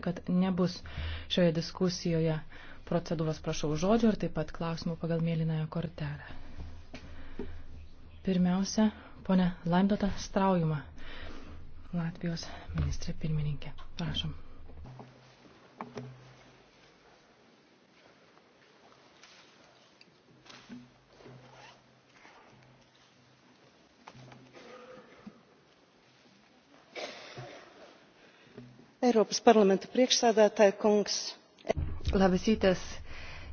kad nebus šioje diskusijoje procedūros prašau žodžio ir taip pat klausimų pagal mėlynąją kortelę. Pirmiausia, ponė Laimdota Straujuma, Latvijos ministrė pirmininkė. Prašom. Eiropas parlamenta priekšsādātāja kungs. Labas rytas,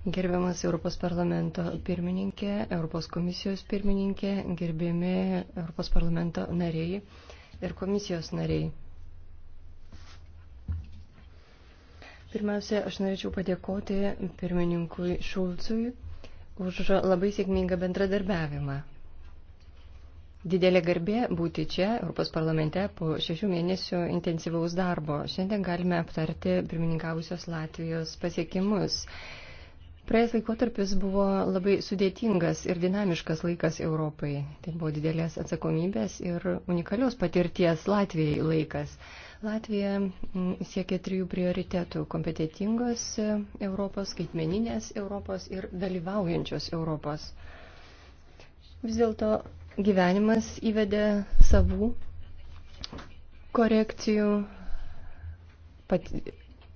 gerbiamas Europos parlamento pirmininkė, Europos komisijos pirmininkė, gerbiami Europos parlamento nariai ir komisijos nariai. Pirmiausia, aš norėčiau padėkoti pirmininkui Šulcui už labai sėkmingą bendradarbiavimą. Didelė garbė būti čia, Europos parlamente, po šešių mėnesių intensyvaus darbo. Šiandien galime aptarti pirmininkavusios Latvijos pasiekimus. Praėjęs laikotarpis buvo labai sudėtingas ir dinamiškas laikas Europai. Tai buvo didelės atsakomybės ir unikalios patirties Latvijai laikas. Latvija mm, siekia trijų prioritetų - kompetitingos Europos, skaitmeninės Europos ir dalyvaujančios Europos. Vis dėlto gyvenimas įvedė savų korekcijų pat,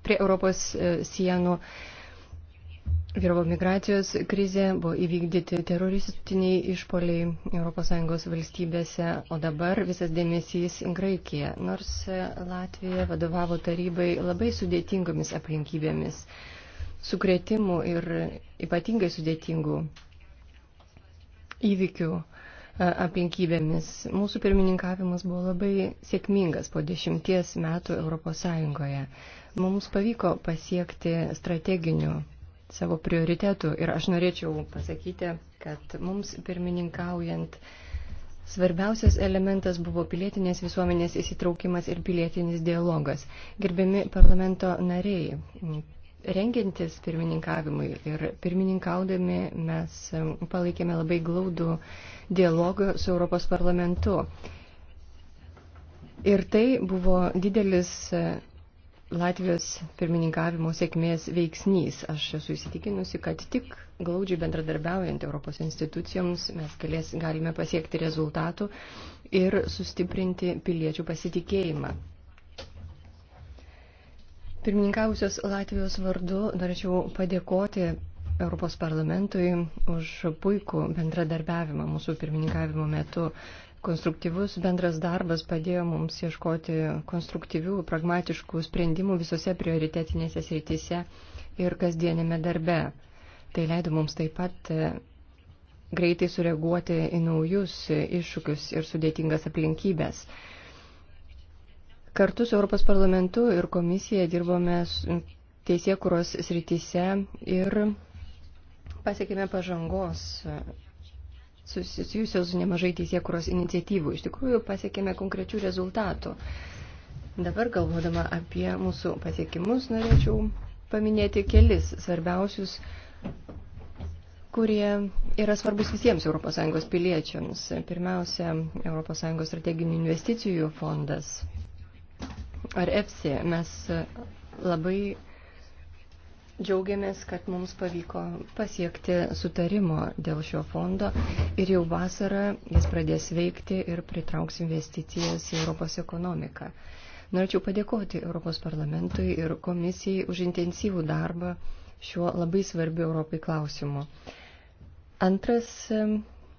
prie Europos e, sienų. Vyravo migracijos krizė, buvo įvykdyti teroristiniai išpoliai ES valstybėse, o dabar visas dėmesys Graikija, nors e, Latvija vadovavo tarybai labai sudėtingomis aplinkybėmis, sukretimų ir ypatingai sudėtingų įvykių aplinkybėmis. Mūsų pirmininkavimas buvo labai sėkmingas po dešimties metų ES. Mums pavyko pasiekti strateginių savo prioritetų ir aš norėčiau pasakyti, kad mums pirmininkaujant Svarbiausias elementas buvo pilietinės visuomenės įsitraukimas ir pilietinis dialogas. Gerbiami parlamento nariai, rengintis pirmininkavimui ir pirmininkaudami mes palaikėme labai glaudų dialogą su Europos parlamentu. Ir tai buvo didelis e, Latvijos pirmininkavimo sėkmės veiksnys. Aš esu įsitikinusi, kad tik glaudžiai bendradarbiaujant Europos institucijoms mes galės, galime pasiekti rezultatų ir sustiprinti piliečių pasitikėjimą. Pirmininkausios Latvijos vardu norėčiau padėkoti Europos parlamentui už puikų bendradarbiavimą mūsų pirmininkavimo metu. Konstruktyvus bendras darbas padėjo mums ieškoti konstruktyvių, pragmatiškų sprendimų visose prioritetinėse srityse ir kasdienėme darbe. Tai leido mums taip pat e, greitai sureaguoti į naujus iššūkius ir sudėtingas aplinkybės. Kartu su Europos parlamentu ir komisija dirbome teisėkuros srityse ir pasiekėme pažangos e, susijusios su nemažai teisėkuros iniciatyvų. Iš tikrųjų pasiekėme konkrečių rezultatų. Dabar galvodama apie mūsų pasiekimus, norėčiau paminėti kelis svarbiausius, kurie yra svarbus visiems ES piliečiams. Pirmiausia, ES strateginių investicijų fondas ar EFSI. Mes e, labai džiaugiamės, kad mums pavyko pasiekti sutarimo dėl šio fondo ir jau vasarą jis pradės veikti ir pritrauks investicijas į Europos ekonomiką. Norėčiau padėkoti Europos parlamentui ir komisijai už intensyvų darbą šiuo labai svarbiu Europai klausimu. Antras e,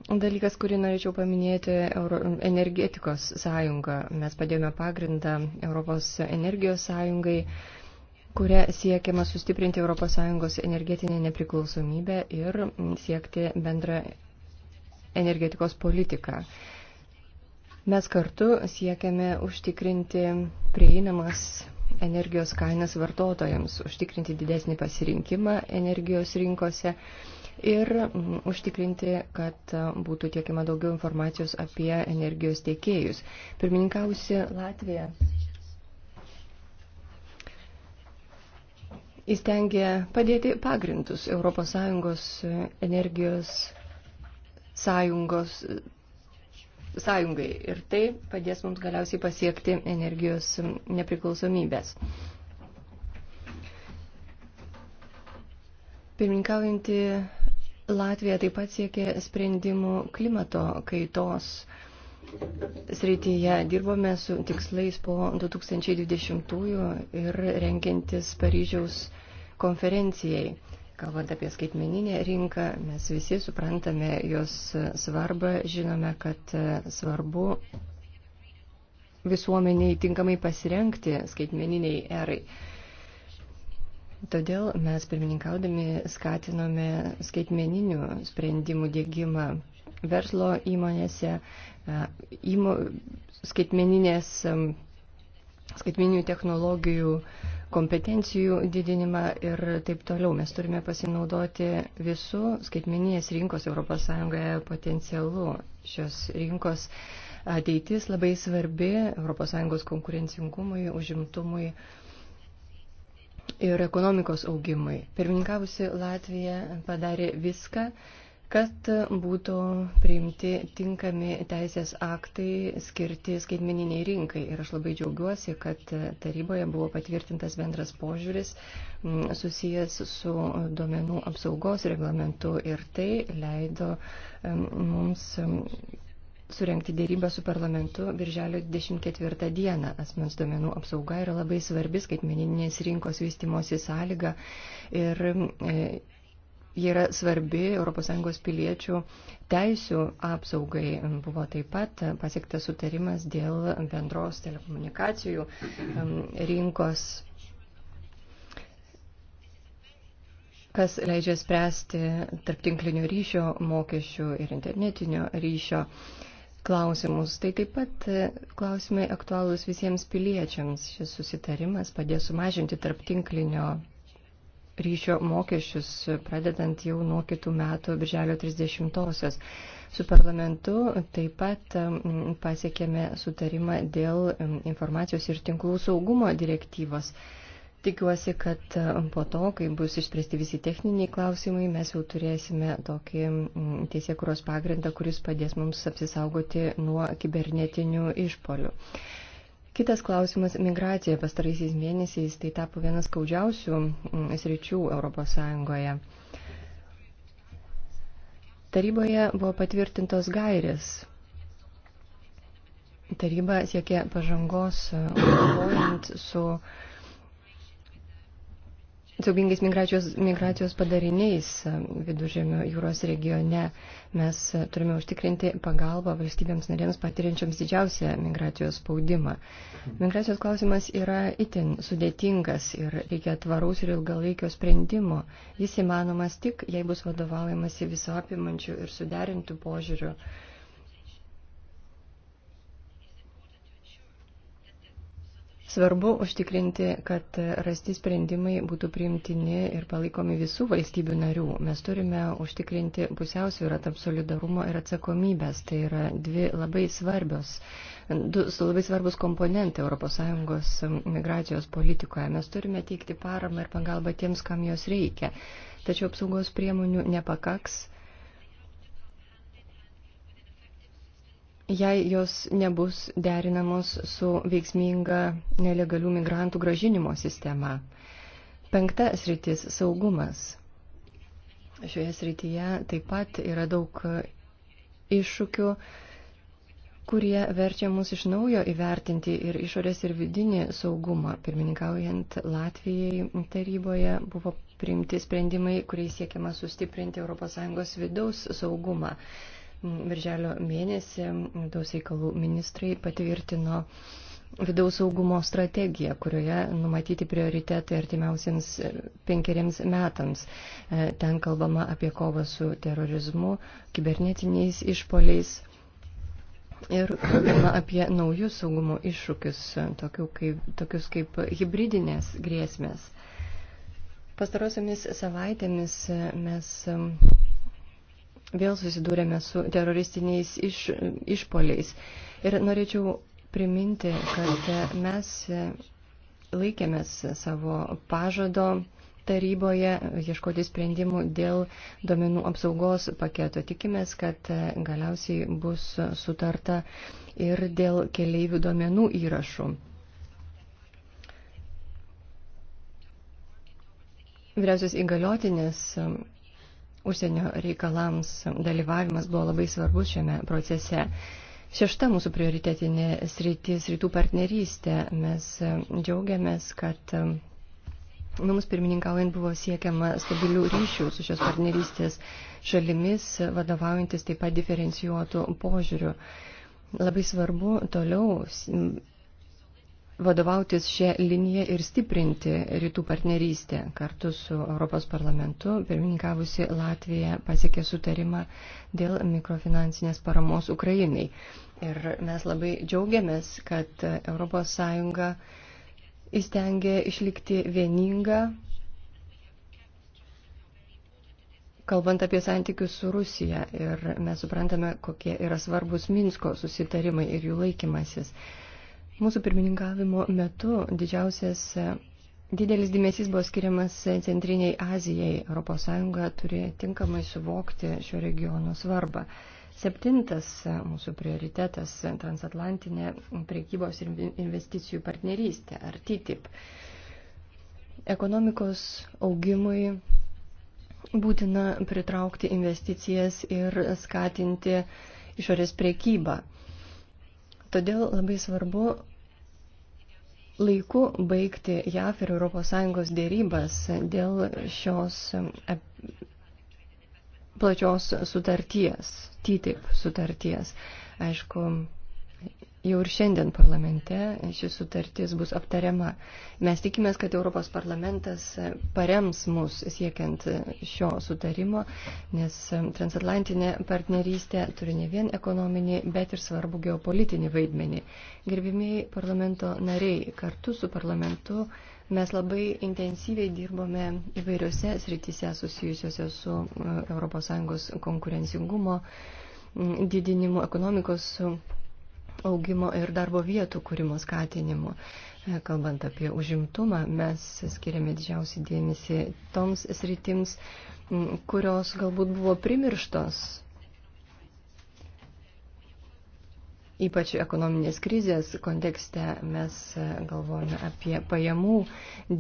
dalykas, kurį norėčiau paminėti, Euro, energetikos sąjunga. Mes padėjome pagrindą Europos energijos sąjungai kuria siekiama sustiprinti ES energetinę nepriklausomybę ir siekti bendrą energetikos politiką. Mes kartu siekiame užtikrinti prieinamas energijos kainas vartotojams, užtikrinti didesnį pasirinkimą energijos rinkose ir mm, užtikrinti, kad e, būtų tiekiama daugiau informacijos apie energijos tiekėjus. Pirmininkausi Latvija įstengė padėti pagrindus ES energijos sąjungos sąjungai ir tai padės mums galiausiai pasiekti energijos nepriklausomybės. Pirmininkaujantį Latvija taip pat siekia sprendimų klimato kaitos srityje. Dirbome su tikslais po 2020-ųjų ir renkiantis Paryžiaus konferencijai. Kalbant apie skaitmeninę rinką, mes visi suprantame jos svarbą, žinome, kad svarbu visuomeniai tinkamai pasirenkti skaitmeniniai erai. Todėl mes pirmininkaudami skatinome skaitmeninių sprendimų dėgymą verslo įmonėse, įmo, skaitmeninės, skaitmeninių technologijų kompetencijų didinimą ir taip toliau. Mes turime pasinaudoti visų skaitmeninės rinkos ES potencialu. Šios rinkos ateitis labai svarbi ES konkurencingumui, užimtumui ir ekonomikos augimui. Pirmininkavusi Latvija padarė viską, kad būtų priimti tinkami teisės aktai skirti skaitmeniniai rinkai. Ir aš labai džiaugiuosi, kad taryboje buvo patvirtintas bendras požiūris susijęs su duomenų apsaugos reglamentu ir tai leido mums surenkti dėrybą su parlamentu birželio 24 dieną. Asmens duomenų apsauga yra labai svarbi skaitmeninės rinkos vystimosi sąlyga ir e, jie yra svarbi ES piliečių teisių apsaugai. Buvo taip pat pasiektas sutarimas dėl bendros telekomunikacijų rinkos kas leidžia spręsti tarptinklinio ryšio mokesčių ir internetinio ryšio uh, klausimus. Tai taip pat e, klausimai aktualūs visiems piliečiams. Šis susitarimas padės sumažinti tarptinklinio ryšio mokesčius, pradedant jau nuo kitų metų birželio 30-osios. Su parlamentu taip pat pasiekėme sutarimą dėl informacijos ir tinklų saugumo direktyvos. Tikiuosi, kad um, po to, kai bus išspręsti visi techniniai klausimai, mes jau turėsime tokį mm, teisėkuros pagrindą, kuris padės mums apsisaugoti nuo kibernetinių išpolių. Kitas klausimas - migracija. Pastaraisiais mėnesiais tai tapo vienas skaudžiausių mm, sričių ES. Taryboje buvo patvirtintos gairės. Taryba siekė pažangos, kovojant su uh, siaubingais migracijos, migracijos padariniais e, viduržėmio jūros regione. Mes e, turime užtikrinti pagalbą valstybėms narėms patiriančiams didžiausią migracijos spaudimą. Migracijos klausimas yra itin sudėtingas ir reikia tvaraus ir ilgalaikio sprendimo. Jis įmanomas tik, jei bus vadovaujamasi viso apimančių ir suderintų požiūrių Svarbu užtikrinti, kad rasti sprendimai būtų priimtini ir palaikomi visų valstybių narių. Mes turime užtikrinti pusiausvyrą tarp solidarumo ir atsakomybės. Tai yra dvi labai svarbios, du labai svarbus komponentai ES migracijos politikoje. Mes turime teikti paramą ir pagalbą tiems, kam jos reikia. Tačiau apsaugos priemonių nepakaks jei jos nebus derinamos su veiksminga nelegalių migrantų gražinimo sistema. Penkta sritis - saugumas. Šioje srityje taip pat yra daug iššūkių, kurie verčia mus iš naujo įvertinti ir išorės ir vidinį saugumą. Pirmininkaujant Latvijai taryboje buvo priimti sprendimai, kuriais siekiama sustiprinti ES vidaus saugumą. Birželio mėnesį vidaus reikalų ministrai patvirtino vidaus saugumo strategiją, kurioje numatyti prioritetai artimiausiams penkeriems metams. E, ten kalbama apie kovą su terorizmu, kibernetiniais išpoliais ir kalbama apie naujus saugumo iššūkius, tokius kaip, tokius kaip hybridinės grėsmės. Pastarosiamis savaitėmis mes vėl susidūrėme su teroristiniais iš, išpoliais. Ir norėčiau priminti, kad mes laikėmės savo pažado taryboje ieškoti sprendimų dėl domenų apsaugos paketo. Tikimės, kad galiausiai bus sutarta ir dėl keleivių domenų įrašų. Vyriausias įgaliotinės užsienio reikalams dalyvavimas buvo labai svarbus šiame procese. Šešta mūsų prioritetinė sritis - rytų partnerystė. Mes e, džiaugiamės, kad e, mums pirmininkaujant buvo siekiama stabilių ryšių su šios partnerystės šalimis, vadovaujantis taip pat diferencijuotų požiūrių. Labai svarbu toliau vadovautis šią liniją ir stiprinti rytų partnerystę. Kartu su Europos parlamentu pirmininkavusi Latvija pasiekė sutarimą dėl mikrofinansinės paramos Ukrainai. Ir mes labai džiaugiamės, kad ES įstengė išlikti vieningą, kalbant apie santykius su Rusija. Ir mes suprantame, kokie yra svarbus Minsko susitarimai ir jų laikymasis. Mūsų pirmininkavimo metu didžiausias Didelis dėmesys buvo skiriamas Centriniai Azijai. ES turi tinkamai suvokti šio regiono svarbą. Septintas mūsų prioritetas - transatlantinė priekybos ir investicijų partnerystė, ar TTIP. Ekonomikos augimui būtina pritraukti investicijas ir skatinti išorės priekybą. Todėl labai svarbu laiku baigti JAF ir ES dėrybas dėl šios e, plačios sutarties, TTIP sutarties. Aišku, Jau ir šiandien parlamente ši sutartis bus aptariama. Mes tikimės, kad Europos parlamentas parems mus siekiant šio sutarimo, nes transatlantinė partnerystė turi ne vien ekonominį, bet ir svarbu geopolitinį vaidmenį. Gerbimiai parlamento nariai, kartu su parlamentu mes labai intensyviai dirbome įvairiose srityse susijusiuose su uh, ES konkurencingumo mm, didinimu, ekonomikos su augimo ir darbo vietų kūrimo skatinimu. E, kalbant apie užimtumą, mes skiriame didžiausią dėmesį toms sritims, kurios galbūt buvo primirštos, ypač ekonominės krizės kontekste mes e, galvojame apie pajamų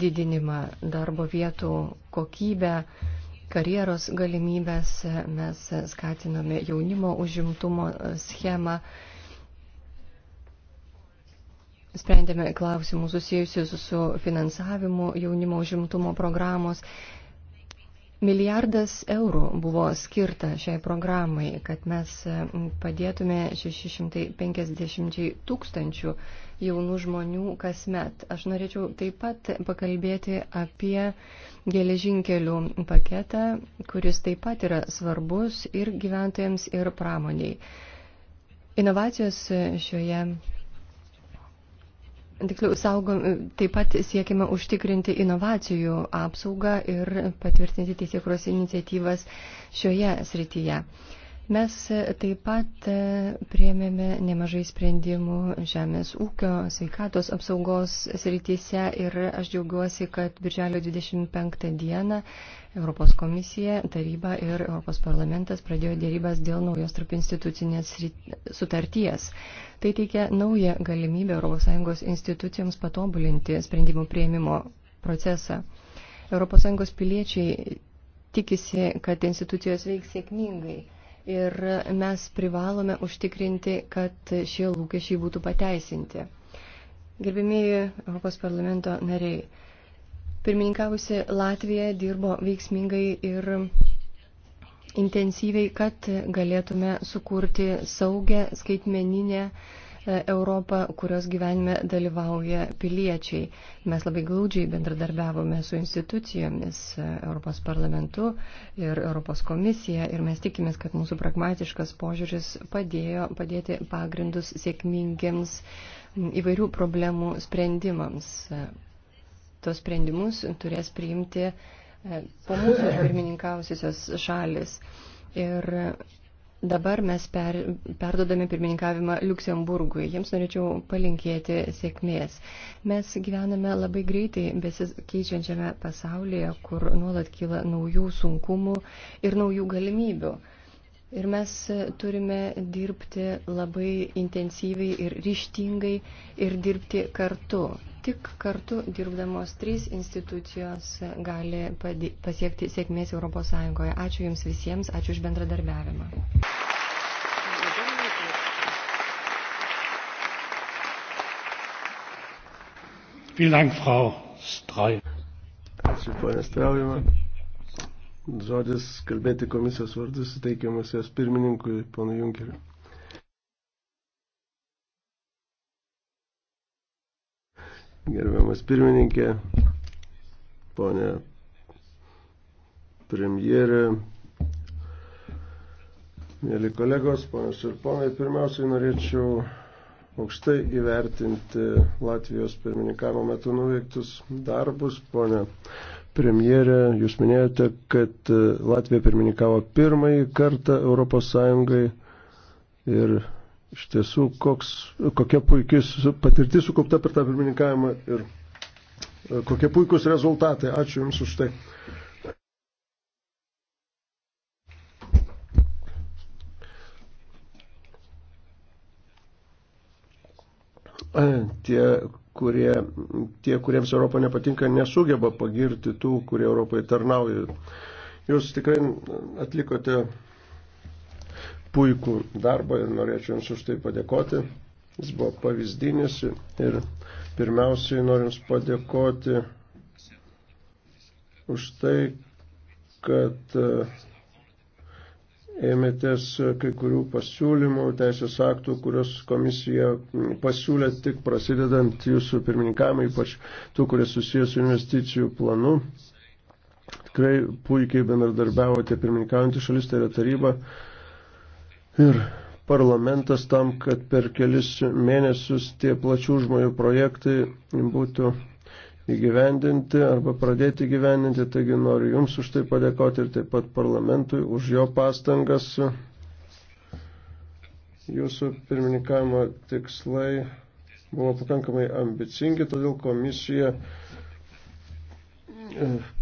didinimą, darbo vietų kokybę, karjeros galimybės, e, mes skatiname jaunimo užimtumo schemą, sprendėme klausimus susijusius su finansavimu jaunimo užimtumo programos. Milijardas eurų buvo skirta šiai programai, kad mes padėtume 650 tūkstančių jaunų žmonių kasmet. Aš norėčiau taip pat pakalbėti apie geležinkelių paketą, kuris taip pat yra svarbus ir gyventojams, ir pramoniai. Inovacijos šioje Tiksliau, saugom, taip pat siekime užtikrinti inovacijų apsaugą ir patvirtinti teisėkros iniciatyvas šioje srityje. Uh, Mes e, taip pat e, priemėme nemažai sprendimų žemės ūkio, sveikatos apsaugos srityse ir aš džiaugiuosi, kad birželio 25 dieną Europos komisija, taryba ir Europos parlamentas pradėjo dėrybas dėl naujos tarpinstitucinės sutarties. Tai teikia naują galimybę ES institucijoms patobulinti sprendimų prieimimo procesą. ES piliečiai tikisi, kad institucijos veiks sėkmingai ir mes privalome užtikrinti, kad šie lūkesčiai būtų pateisinti. Gerbimieji Europos parlamento nariai, pirmininkavusi Latvija dirbo veiksmingai ir intensyviai, kad galėtume sukurti saugę skaitmeninę E, Europą, kurios gyvenime dalyvauja piliečiai. Mes labai glaudžiai bendradarbiavome su institucijomis, e, Europos parlamentu ir Europos komisija ir mes tikimės, kad mūsų pragmatiškas požiūris padėjo padėti pagrindus sėkmingiams įvairių problemų sprendimams. E, Tos sprendimus turės priimti po mūsų pirmininkausiosios šalis. Ir Dabar mes per, perdodame pirmininkavimą Luksemburgui. Jiems norėčiau palinkėti sėkmės. Mes gyvename labai greitai besikeičiančiame pasaulyje, kur nuolat kyla naujų sunkumų ir naujų galimybių. Ir mes turime dirbti labai intensyviai ir ryštingai ir dirbti kartu. Tik kartu dirbdamos trys institucijos gali pasiekti sėkmės ES. Ačiū Jums visiems, ačiū už bendradarbiavimą. Ačiū, ponė Straujama. Žodis kalbėti komisijos vardu suteikiamas jos pirmininkui, ponui Junkeriu. Gerbiamas pirmininkė, ponė premjerė, mėly kolegos, ponios ir ponai, pirmiausiai norėčiau aukštai įvertinti Latvijos pirmininkavimo metu nuveiktus darbus. Pone premjerė, jūs minėjote, kad Latvija pirmininkavo pirmąjį kartą Europos Sąjungai ir iš tiesų, koks, kokia puikis patirtis sukaupta per tą pirmininkavimą ir e, kokie puikūs rezultatai. Ačiū Jums už tai. E, tie, kurie, tie, kuriems Europa nepatinka, nesugeba pagirti tų, kurie Europai tarnauja. Jūs tikrai atlikote puikų darbą ir norėčiau Jums už tai padėkoti. Jis buvo pavyzdinis ir pirmiausiai noriu Jums padėkoti už tai, kad e, ėmėtės kai kurių pasiūlymų, teisės aktų, kurios komisija pasiūlė tik prasidedant jūsų pirmininkamą, ypač tų, kurie susijęs su investicijų planu. Tikrai puikiai bendradarbiavote pirmininkaujantį šalis, tai yra taryba, ir parlamentas tam, kad per kelis mėnesius tie plačių žmonių projektai būtų įgyvendinti arba pradėti gyvendinti. Taigi noriu Jums už tai padėkoti ir taip pat parlamentui už jo pastangas. Jūsų pirmininkavimo tikslai buvo pakankamai ambicingi, todėl komisija e,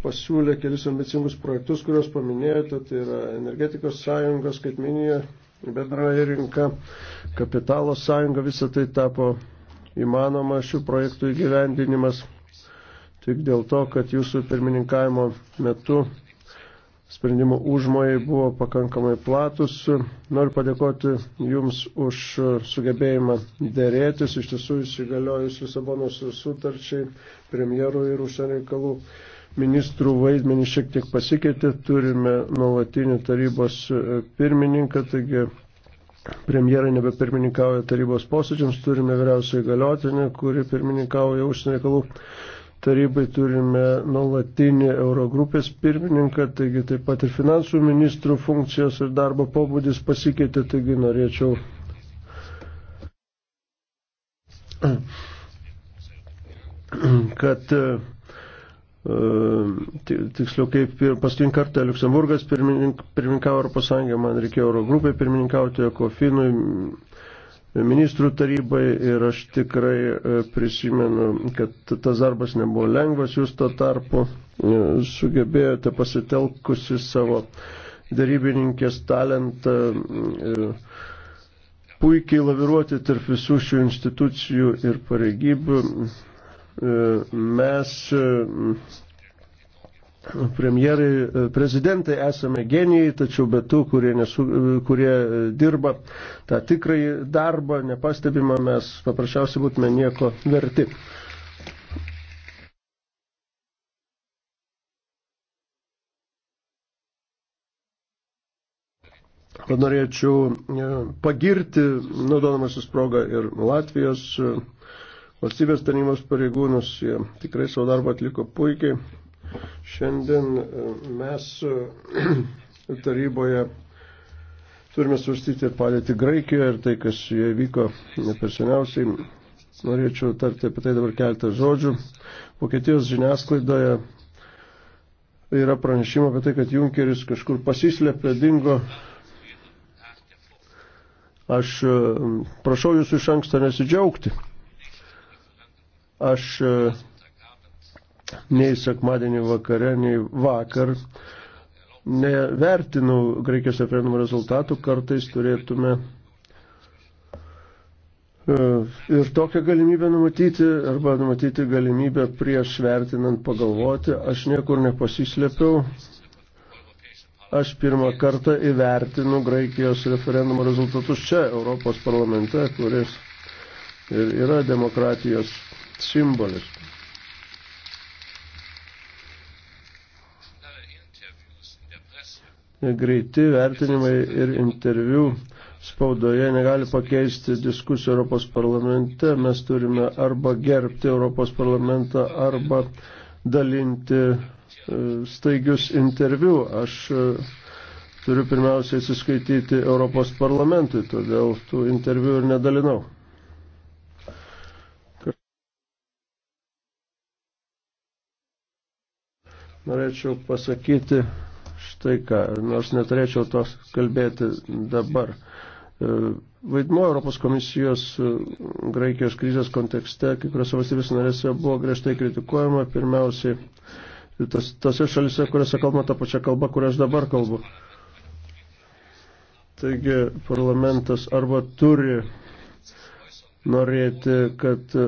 pasiūlė kelis ambicingus projektus, kuriuos paminėjote, tai yra energetikos sąjungos, skaitminėje bendroji rinka, kapitalo sąjunga, visą tai tapo įmanoma šių projektų įgyvendinimas tik dėl to, kad jūsų pirmininkavimo metu sprendimų užmojai buvo pakankamai platus. Noriu padėkoti Jums už sugebėjimą dėrėtis, iš tiesų įsigaliojus Lisabonos sutarčiai, premjerų ir užsienio reikalų ministrų vaidmenį šiek tiek pasikeitė, turime nuolatinį tarybos e, pirmininką, taigi premjerai nebepirmininkauja tarybos posėdžiams, turime vyriausiai galiotinę, kuri pirmininkauja užsienio reikalų tarybai, turime nuolatinį Eurogrupės pirmininką, taigi taip pat ir finansų ministrų funkcijos ir darbo pobūdis pasikeitė, taigi norėčiau. kad e, tiksliau kaip ir paskutinį kartą Luxemburgas pirmininkavo pirmink, Europos Sąjungą, man reikėjo Euro grupė pirmininkauti, Kofinui, ministrų tarybai ir aš tikrai e, prisimenu, kad tas darbas nebuvo lengvas, jūs to tarpu e, sugebėjote pasitelkusi savo darybininkės talentą e, puikiai laviruoti tarp visų šių institucijų ir pareigybių E, mes e, premjerai, e, prezidentai esame genijai, tačiau be tų, kurie, nesu, kurie dirba tą tikrąjį darbą, nepastebimą, mes paprasčiausiai būtume nieko verti. Norėčiau pagirti, naudodamasis progą, ir Latvijos valstybės tarnybos pareigūnus. Jie tikrai savo darbą atliko puikiai. Šiandien e, mes e, taryboje turime svarstyti ir padėti Graikijoje ir tai, kas joje vyko ne per seniausiai. Norėčiau tarti apie tai dabar keletą žodžių. Vokietijos žiniasklaidoje yra pranešimo apie tai, kad Junkeris kažkur pasislėpė, dingo. Aš e, prašau jūsų iš anksto nesidžiaugti. Aš e, nei sekmadienį vakare, nei vakar nevertinau Graikijos referendumo rezultatų, kartais turėtume e, ir tokią galimybę numatyti arba numatyti galimybę prieš vertinant pagalvoti. Aš niekur nepasislėpiau. Aš pirmą kartą įvertinu Graikijos referendumo rezultatus čia, Europos parlamente, kuris ir yra demokratijos simbolis. Greiti vertinimai ir interviu spaudoje negali pakeisti diskusijų Europos parlamente. Mes turime arba gerbti Europos parlamentą, arba dalinti e, staigius interviu. Aš e, turiu pirmiausiai atsiskaityti Europos parlamentui, todėl tų interviu ir nedalinau. norėčiau pasakyti štai ką, nors neturėčiau tos kalbėti dabar. E, vaidmuo Europos komisijos e, Graikijos krizės kontekste, kai kuriuose valstybės narėse buvo griežtai kritikuojama, pirmiausiai tas, tose šalise, kuriuose kalbama tą pačią kalbą, kurią aš dabar kalbu. Taigi parlamentas arba turi norėti, kad e,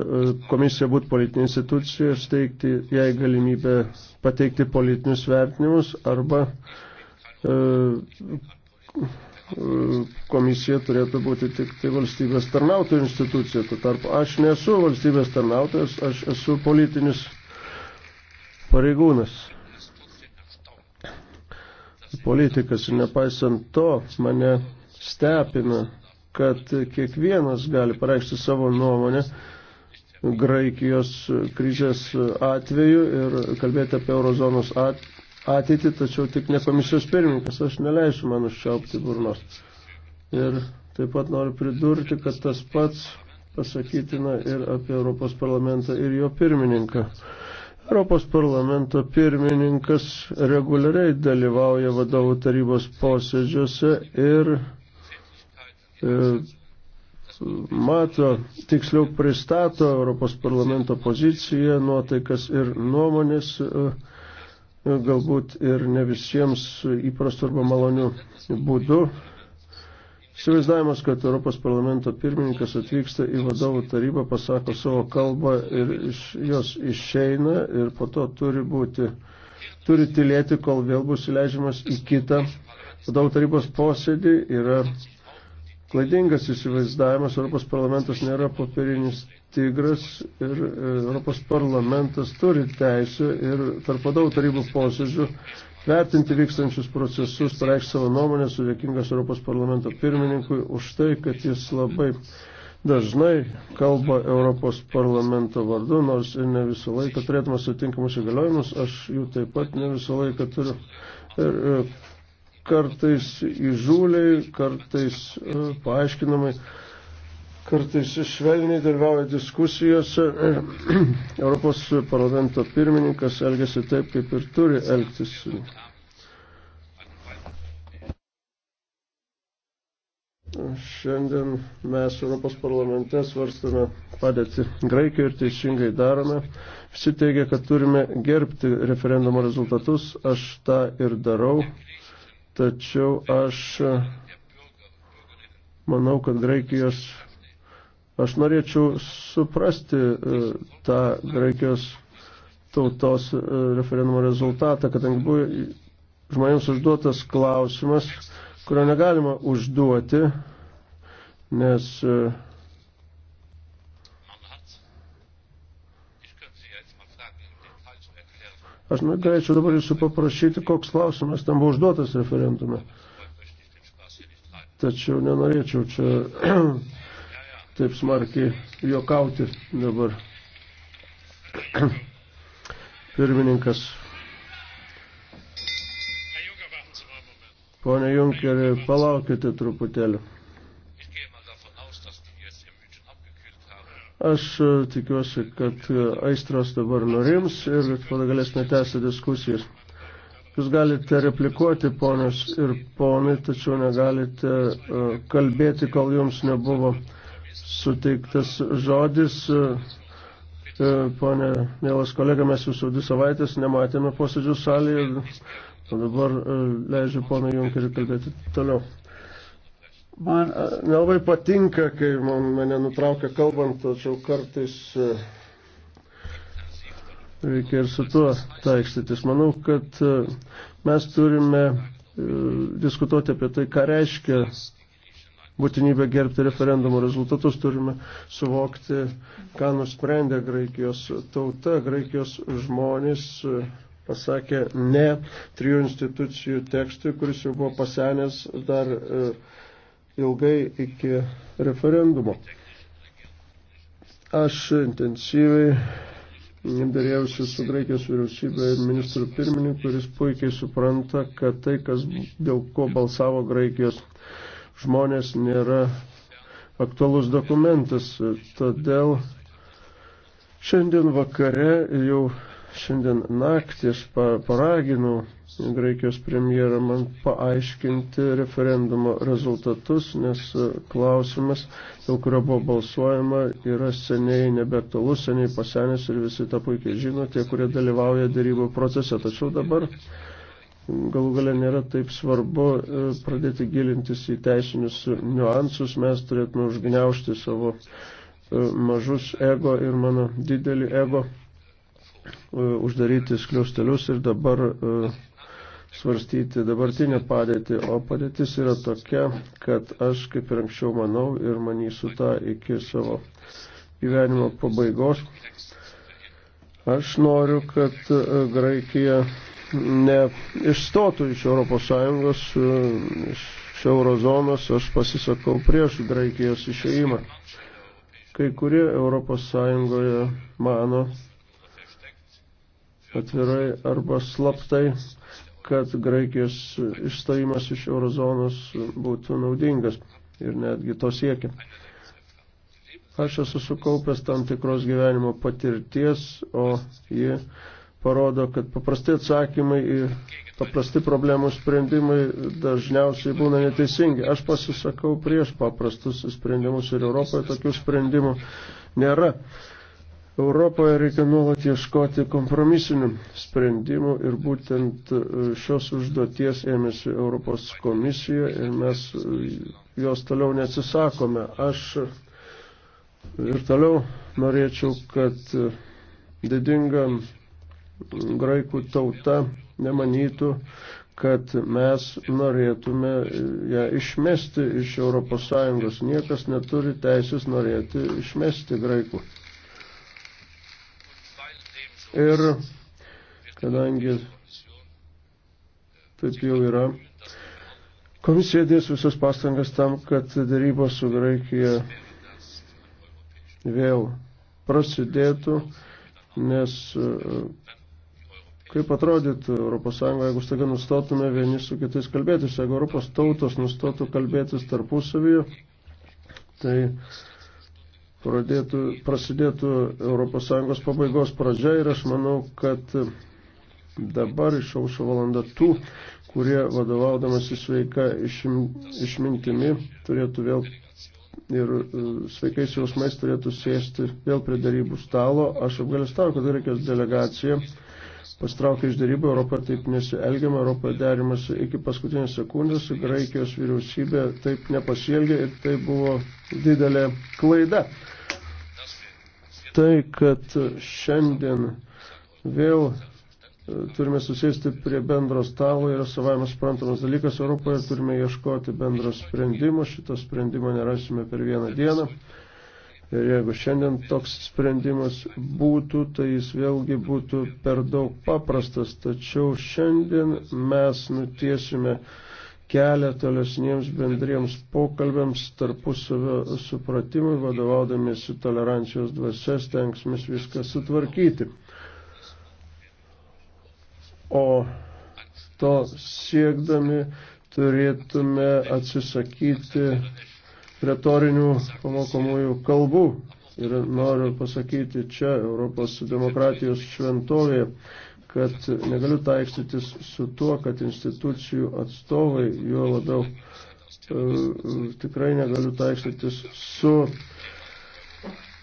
komisija būtų politinė institucija ir steigti jai galimybę pateikti politinius vertinimus arba e, e, komisija turėtų būti tik tai valstybės tarnautojų institucija. Tuo tarpu aš nesu valstybės tarnautojas, aš esu politinis pareigūnas. Politikas ir nepaisant to mane stepina kad kiekvienas gali pareikšti savo nuomonę Graikijos krizės atveju ir kalbėti apie eurozonos ateitį, tačiau tik ne komisijos pirmininkas, aš neleisiu man užčiaupti burnos. Ir taip pat noriu pridurti, kad tas pats pasakytina ir apie Europos parlamentą ir jo pirmininką. Europos parlamento pirmininkas reguliariai dalyvauja vadovų tarybos posėdžiuose ir E, mato, tiksliau pristato Europos parlamento poziciją, nuotaikas ir nuomonės, e, galbūt ir ne visiems įprastu arba maloniu būdu. Įsivaizdavimas, kad Europos parlamento pirmininkas atvyksta į vadovų tarybą, pasako savo kalbą ir iš jos išeina ir po to turi būti, turi tylėti, kol vėl bus įleidžiamas į kitą vadovų tarybos posėdį, yra klaidingas įsivaizdavimas, Europos parlamentas nėra popierinis tigras ir e, Europos parlamentas turi teisę ir tarp vadovų tarybų posėdžių vertinti vykstančius procesus, pareikšti savo nuomonę, sudėkingas Europos parlamento pirmininkui už tai, kad jis labai dažnai kalba Europos parlamento vardu, nors ir ne visą laiką turėtumas sutinkamus įgaliojimus, aš jų taip pat ne visą laiką turiu. Ir, ir e, kartais įžūliai, kartais e, paaiškinamai, kartais švelniai dalyvauja diskusijose. Europos parlamento pirmininkas elgesi taip, kaip ir turi elgtis. Šiandien mes Europos parlamente svarstame padėti Graikijoje ir teisingai darome. Visi teigia, kad turime gerbti referendumo rezultatus. Aš tą ir darau. Tačiau aš manau, kad Graikijos, aš norėčiau suprasti e, tą Graikijos tautos e, referendumo rezultatą, kadangi buvo žmonėms užduotas klausimas, kurio negalima užduoti, nes e, Aš galėčiau dabar jūsų paprašyti, koks klausimas tam buvo užduotas referendume. Tačiau nenorėčiau čia taip smarkiai jokauti dabar. Pirmininkas. Pone Junkerį, palaukite truputėlį. Aš e, tikiuosi, kad e, aistros dabar nurims ir tada galėsime tęsti diskusijas. Jūs galite replikuoti ponius ir ponai, tačiau negalite e, kalbėti, kol jums nebuvo suteiktas žodis. Pone, mielas kolega, mes jūsų dvi savaitės nematėme posėdžių salėje, o dabar leidžiu ponui Junkeriu kalbėti toliau. Man nelabai patinka, kai man, mane nutraukia kalbant, tačiau kartais reikia ir su tuo taikstytis. Manau, kad mes turime diskutuoti apie tai, ką reiškia būtinybė gerbti referendumo rezultatus, turime suvokti, ką nusprendė Graikijos tauta, Graikijos žmonės pasakė ne trijų institucijų tekstui, kuris jau buvo pasenęs dar uh, ilgai iki referendumo. Aš intensyviai Dėrėjausi su Graikijos vyriausybė ir ministru pirmininku, kuris puikiai supranta, kad tai, kas, dėl ko balsavo Graikijos žmonės, nėra aktualus dokumentas. Todėl šiandien vakare jau Šiandien naktį aš paraginau Graikijos premjerą man paaiškinti referendumo rezultatus, nes e, klausimas, dėl kurio buvo balsuojama, yra seniai nebeaktualus, seniai pasenęs ir visi tą puikiai žino, tie, kurie dalyvauja dėrybų procese. Tačiau dabar galų galę nėra taip svarbu e, pradėti gilintis į teisinius niuansus, mes turėtume užgniaušti savo e, mažus ego ir mano didelį ego E, uždaryti skliaustelius ir dabar e, svarstyti dabartinę padėtį, o padėtis yra tokia, kad aš kaip ir anksčiau manau ir manysiu tą iki savo gyvenimo pabaigos. Aš noriu, kad e, Graikija neišstotų iš ES, iš eurozonos, aš pasisakau prieš Graikijos išeimą. Kai kurie ES mano, atvirai arba slaptai, kad Graikijos išstojimas iš eurozonos būtų naudingas ir netgi to siekia. Aš esu sukaupęs tam tikros gyvenimo patirties, o ji parodo, kad paprasti atsakymai į paprasti problemų sprendimai dažniausiai būna neteisingi. Aš pasisakau prieš paprastus sprendimus ir Europoje tokių sprendimų nėra. Europoje reikia nuolat ieškoti kompromisinių sprendimų ir būtent e, šios užduoties ėmėsi Europos komisija ir mes e, jos toliau neatsisakome. Aš ir toliau norėčiau, kad e, didinga graikų tauta nemanytų, kad mes norėtume ją išmesti iš ES. Niekas neturi teisės norėti išmesti graikų Ir kadangi taip jau yra, komisija dės visas pastangas tam, kad darybos su Graikija vėl prasidėtų, nes e, kaip atrodytų ES, jeigu staiga nustotume vieni su kitais kalbėtis, jeigu Europos tautos nustotų kalbėtis tarpusavyje, tai uh, pradėtų, prasidėtų ES pabaigos pradžia ir aš manau, kad dabar išaušo valanda tų, kurie vadovaudamasi sveika išim, išmintimi turėtų vėl ir e, sveikais jausmais turėtų sėsti vėl prie darybų stalo. Aš apgalėstau, kad reikės delegacija pastraukė iš darybų, Europą taip nesielgiama, Europoje derimasi iki paskutinės sekundės, Graikijos vyriausybė taip nepasielgė ir tai buvo didelė klaida tai, kad šiandien vėl e, turime susėsti prie bendro stalo ir savaimas suprantamas dalykas Europoje turime ieškoti bendro sprendimo, šito sprendimo nerasime per vieną dieną. Ir jeigu šiandien toks sprendimas būtų, tai jis vėlgi būtų per daug paprastas. Tačiau šiandien mes nutiesime kelią tolesniems bendriems pokalbėms, tarpusavio supratimui, vadovaudamiesi tolerancijos dvasės, tenksimės viską sutvarkyti. O to siekdami turėtume atsisakyti retorinių pamokomųjų kalbų. Ir noriu pasakyti čia Europos demokratijos šventovėje kad negaliu taikstytis su tuo, kad institucijų atstovai, juo labiau e, tikrai negaliu taikstytis su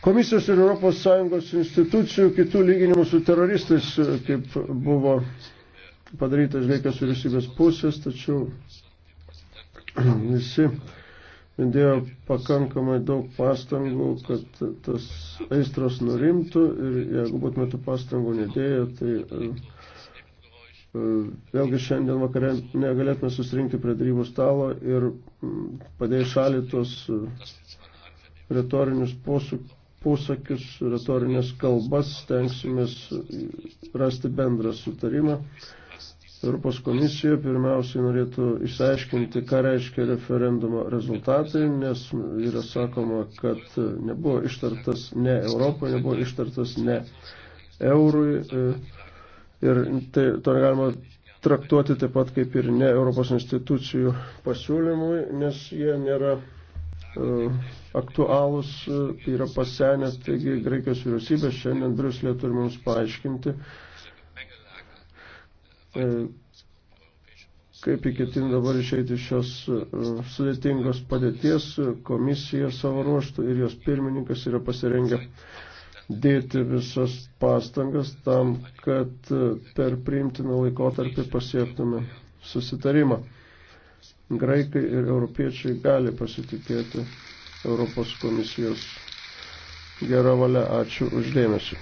komisijos ir ES institucijų kitų lyginimų su teroristais, e, kaip buvo padarytas veikas vyriausybės pusės, tačiau visi Dėjo pakankamai daug pastangų, kad tas aistros nurimtų ir jeigu būtume tų pastangų nedėjo, tai e, e, vėlgi šiandien vakarė negalėtume susirinkti prie darybų stalo ir padėjai šalį tos e, retorinius posūkius posakius, retorinės kalbas, stengsimės rasti bendrą sutarimą. Europos komisija pirmiausiai norėtų išsiaiškinti, ką reiškia referendumo rezultatai, nes yra sakoma, kad nebuvo ištartas ne Europoje, nebuvo ištartas ne eurui e, ir tai, to negalima traktuoti taip pat kaip ir ne Europos institucijų pasiūlymui, nes jie nėra e, aktualūs, e, yra pasenęs, taigi Graikijos vyriausybė šiandien Briuselė turi mums paaiškinti, E, kaip įketin dabar išeiti iš šios e, sudėtingos padėties, e, komisija savo ruoštų ir jos pirmininkas yra pasirengę dėti visas pastangas tam, kad per priimtiną laikotarpį pasiektume susitarimą. Graikai ir europiečiai gali pasitikėti Europos komisijos gerą valią. Ačiū uždėmesį.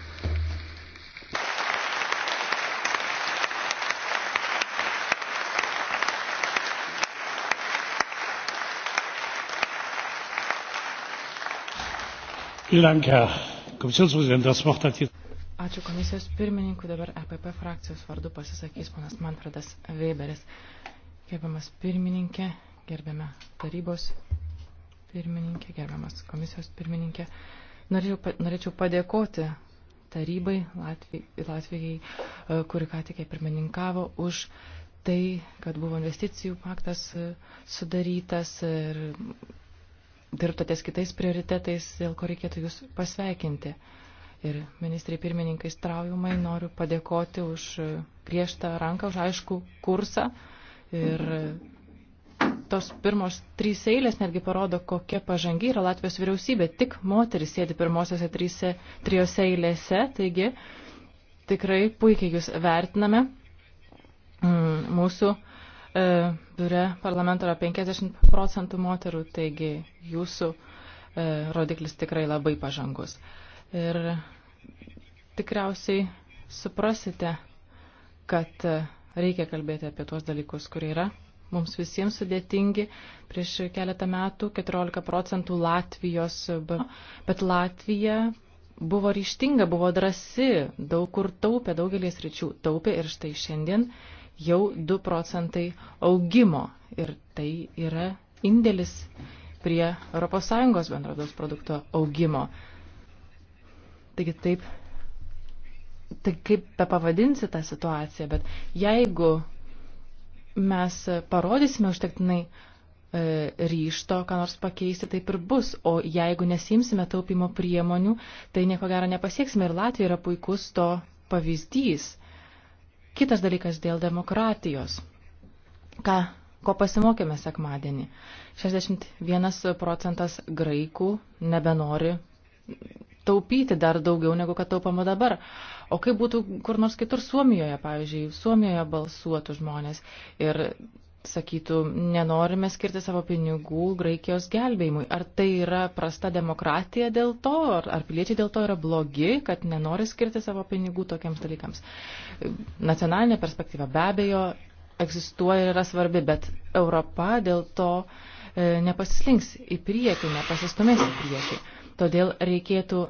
Ačiū komisijos pirmininkui, dabar EPP frakcijos vardu pasisakys ponas Manfredas Weberis. Gerbiamas pirmininkė, gerbiame tarybos pirmininkė, gerbiamas komisijos pirmininkė. Norėčiau, norėčiau padėkoti tarybai Latvijai, Latvijai, e, kuri ką tik pirmininkavo, už tai, kad buvo investicijų paktas e, sudarytas ir dirbtate kitais prioritetais, dėl ko reikėtų jūs pasveikinti. Ir ministrai pirmininkai Straujumai noriu padėkoti už griežtą ranką, už aišku kursą. Ir tos pirmos trys eilės netgi parodo, kokia pažangi yra Latvijos vyriausybė. Tik moteris sėdi pirmosiose trise, trijose eilėse, taigi tikrai puikiai jūs vertiname. Mm, mūsų E, biure parlamento yra 50 procentų moterų, taigi jūsų e, rodiklis tikrai labai pažangus. Ir tikriausiai suprasite, kad e, reikia kalbėti apie tuos dalykus, kurie yra mums visiems sudėtingi. Prieš keletą metų 14 procentų Latvijos, bet Latvija buvo ryštinga, buvo drasi, daug kur taupė, daugelės ryčių taupė ir štai šiandien jau 2 procentai augimo ir tai yra indėlis prie ES bendrodaus produkto augimo. Taigi taip, tai kaip be pavadinsi tą situaciją, bet jeigu mes parodysime užtektinai e, ryšto, ką nors pakeisti, taip ir bus. O jeigu nesimsime taupimo priemonių, tai nieko gero nepasieksime. Ir Latvija yra puikus to pavyzdys. Kitas dalykas dėl demokratijos. Ką, ko pasimokėme sekmadienį? 61 procentas graikų nebenori taupyti dar daugiau negu kad taupama dabar. O kaip būtų kur nors kitur Suomijoje, pavyzdžiui, Suomijoje balsuotų žmonės ir sakytų, nenorime skirti savo pinigų Graikijos gelbėjimui. Ar tai yra prasta demokratija dėl to, ar, ar piliečiai dėl to yra blogi, kad nenori skirti savo pinigų tokiems dalykams? Nacionalinė perspektyva be abejo egzistuoja ir yra svarbi, bet Europa dėl to e, nepasislinks į priekį, nepasistumės į priekį. Todėl reikėtų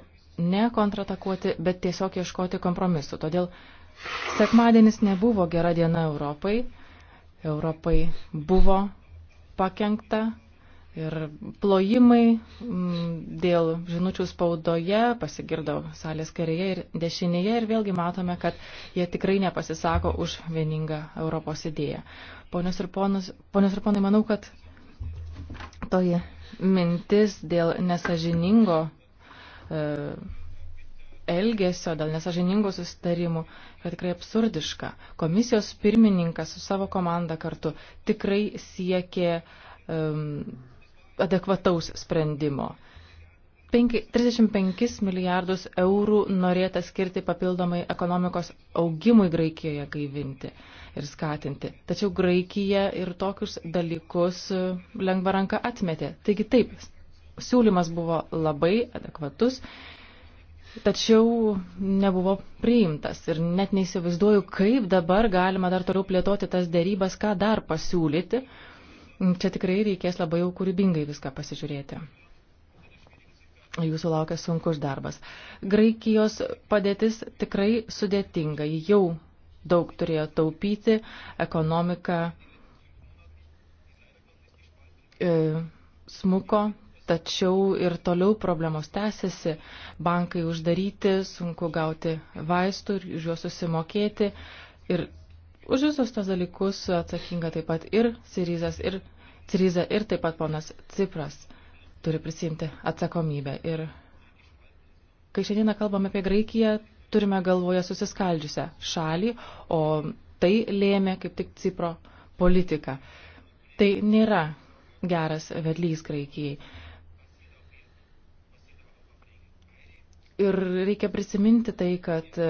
ne kontratakuoti, bet tiesiog ieškoti kompromisu. Todėl sekmadienis nebuvo gera diena Europai Europai buvo pakengta ir plojimai mm, dėl žinučių spaudoje pasigirdo salės kairėje ir dešinėje ir vėlgi matome, kad jie tikrai nepasisako už vieningą Europos idėją. Ponios ir, ponus, ponios ir ponai, manau, kad toji mintis dėl nesažiningo e, elgesio, dėl nesažiningų susitarimų yra tikrai absurdiška. Komisijos pirmininkas su savo komanda kartu tikrai siekė um, adekvataus sprendimo. 5, 35 milijardus eurų norėta skirti papildomai ekonomikos augimui Graikijoje gaivinti ir skatinti. Tačiau Graikija ir tokius dalykus e, lengva ranka atmetė. Taigi taip, siūlymas buvo labai adekvatus tačiau nebuvo priimtas ir net neįsivaizduoju, kaip dabar galima dar toliau plėtoti tas dėrybas, ką dar pasiūlyti. Čia tikrai reikės labai jau kūrybingai viską pasižiūrėti. Jūsų laukia sunkus darbas. Graikijos padėtis tikrai sudėtinga. Ji jau daug turėjo taupyti, ekonomika e, smuko, tačiau ir toliau problemos tęsiasi. Bankai uždaryti, sunku gauti vaistų ir už juos susimokėti. Ir už visus tos dalykus atsakinga taip pat ir Sirizas, ir Ciriza, ir taip pat ponas Cipras turi prisimti atsakomybę. Ir kai šiandieną kalbame apie Graikiją, turime galvoje susiskaldžiusią šalį, o tai lėmė kaip tik Cipro politika. Tai nėra geras vedlys Graikijai. Ir reikia prisiminti tai, kad e,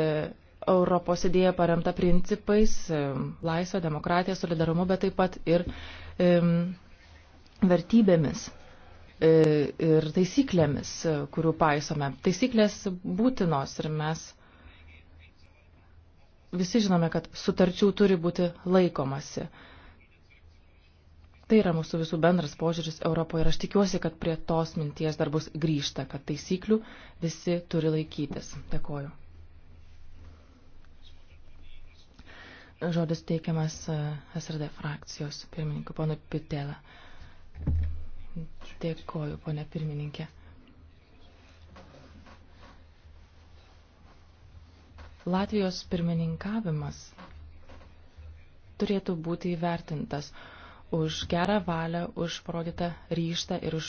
Europos idėja paremta principais e, - laisvė, demokratija, solidarumu, bet taip pat ir um, vertybėmis ir taisyklėmis, kurių paisome. Taisyklės būtinos ir mes visi žinome, kad sutarčių turi būti laikomasi. Tai yra mūsų visų bendras požiūris Europoje ir aš tikiuosi, kad prie tos minties dar bus grįžta, kad taisyklių visi turi laikytis. Dėkoju. Žodis teikiamas e, SRD frakcijos pirmininkui, ponui Pitela. Dėkoju, ponė pirmininkė. Latvijos pirmininkavimas turėtų būti įvertintas už gerą valią, už parodytą ryštą ir už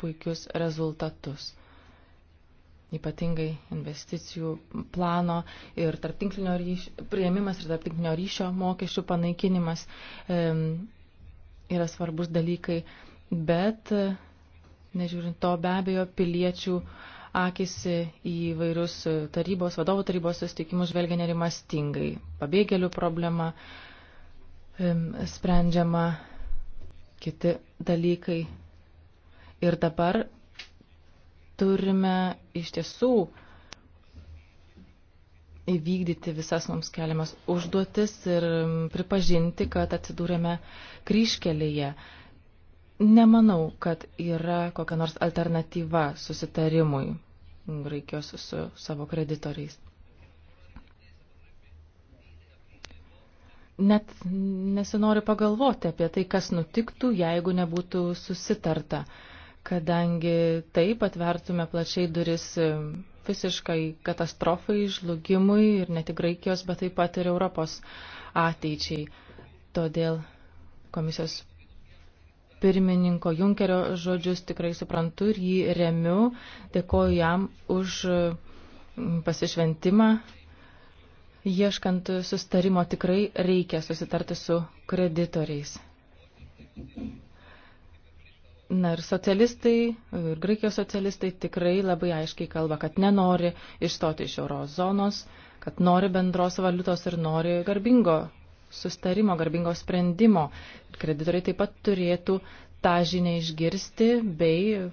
puikius rezultatus. Ypatingai investicijų plano ir tarptinklinio ryšio, prieimimas ir tarptinklinio ryšio mokesčių panaikinimas e, yra svarbus dalykai, bet nežiūrint to be abejo piliečių akis į vairius tarybos, vadovų tarybos susitikimus žvelgia nerimastingai. Pabėgėlių problema, e, sprendžiama kiti dalykai. Ir dabar turime iš tiesų įvykdyti visas mums keliamas užduotis ir pripažinti, kad atsidūrėme kryškelėje. Nemanau, kad yra kokia nors alternatyva susitarimui Graikijos su savo kreditoriais. net nesinori pagalvoti apie tai, kas nutiktų, jeigu nebūtų susitarta, kadangi taip atvertume plačiai duris visiškai katastrofai, žlugimui ir ne tik Graikijos, bet taip pat ir Europos ateičiai. Todėl komisijos pirmininko Junkerio žodžius tikrai suprantu ir jį remiu. Dėkoju jam už pasišventimą ieškant sustarimo tikrai reikia susitarti su kreditoriais. Na ir socialistai, ir graikijos socialistai tikrai labai aiškiai kalba, kad nenori išstoti iš eurozonos, kad nori bendros valiutos ir nori garbingo sustarimo, garbingo sprendimo. Ir kreditoriai taip pat turėtų tą žinę išgirsti bei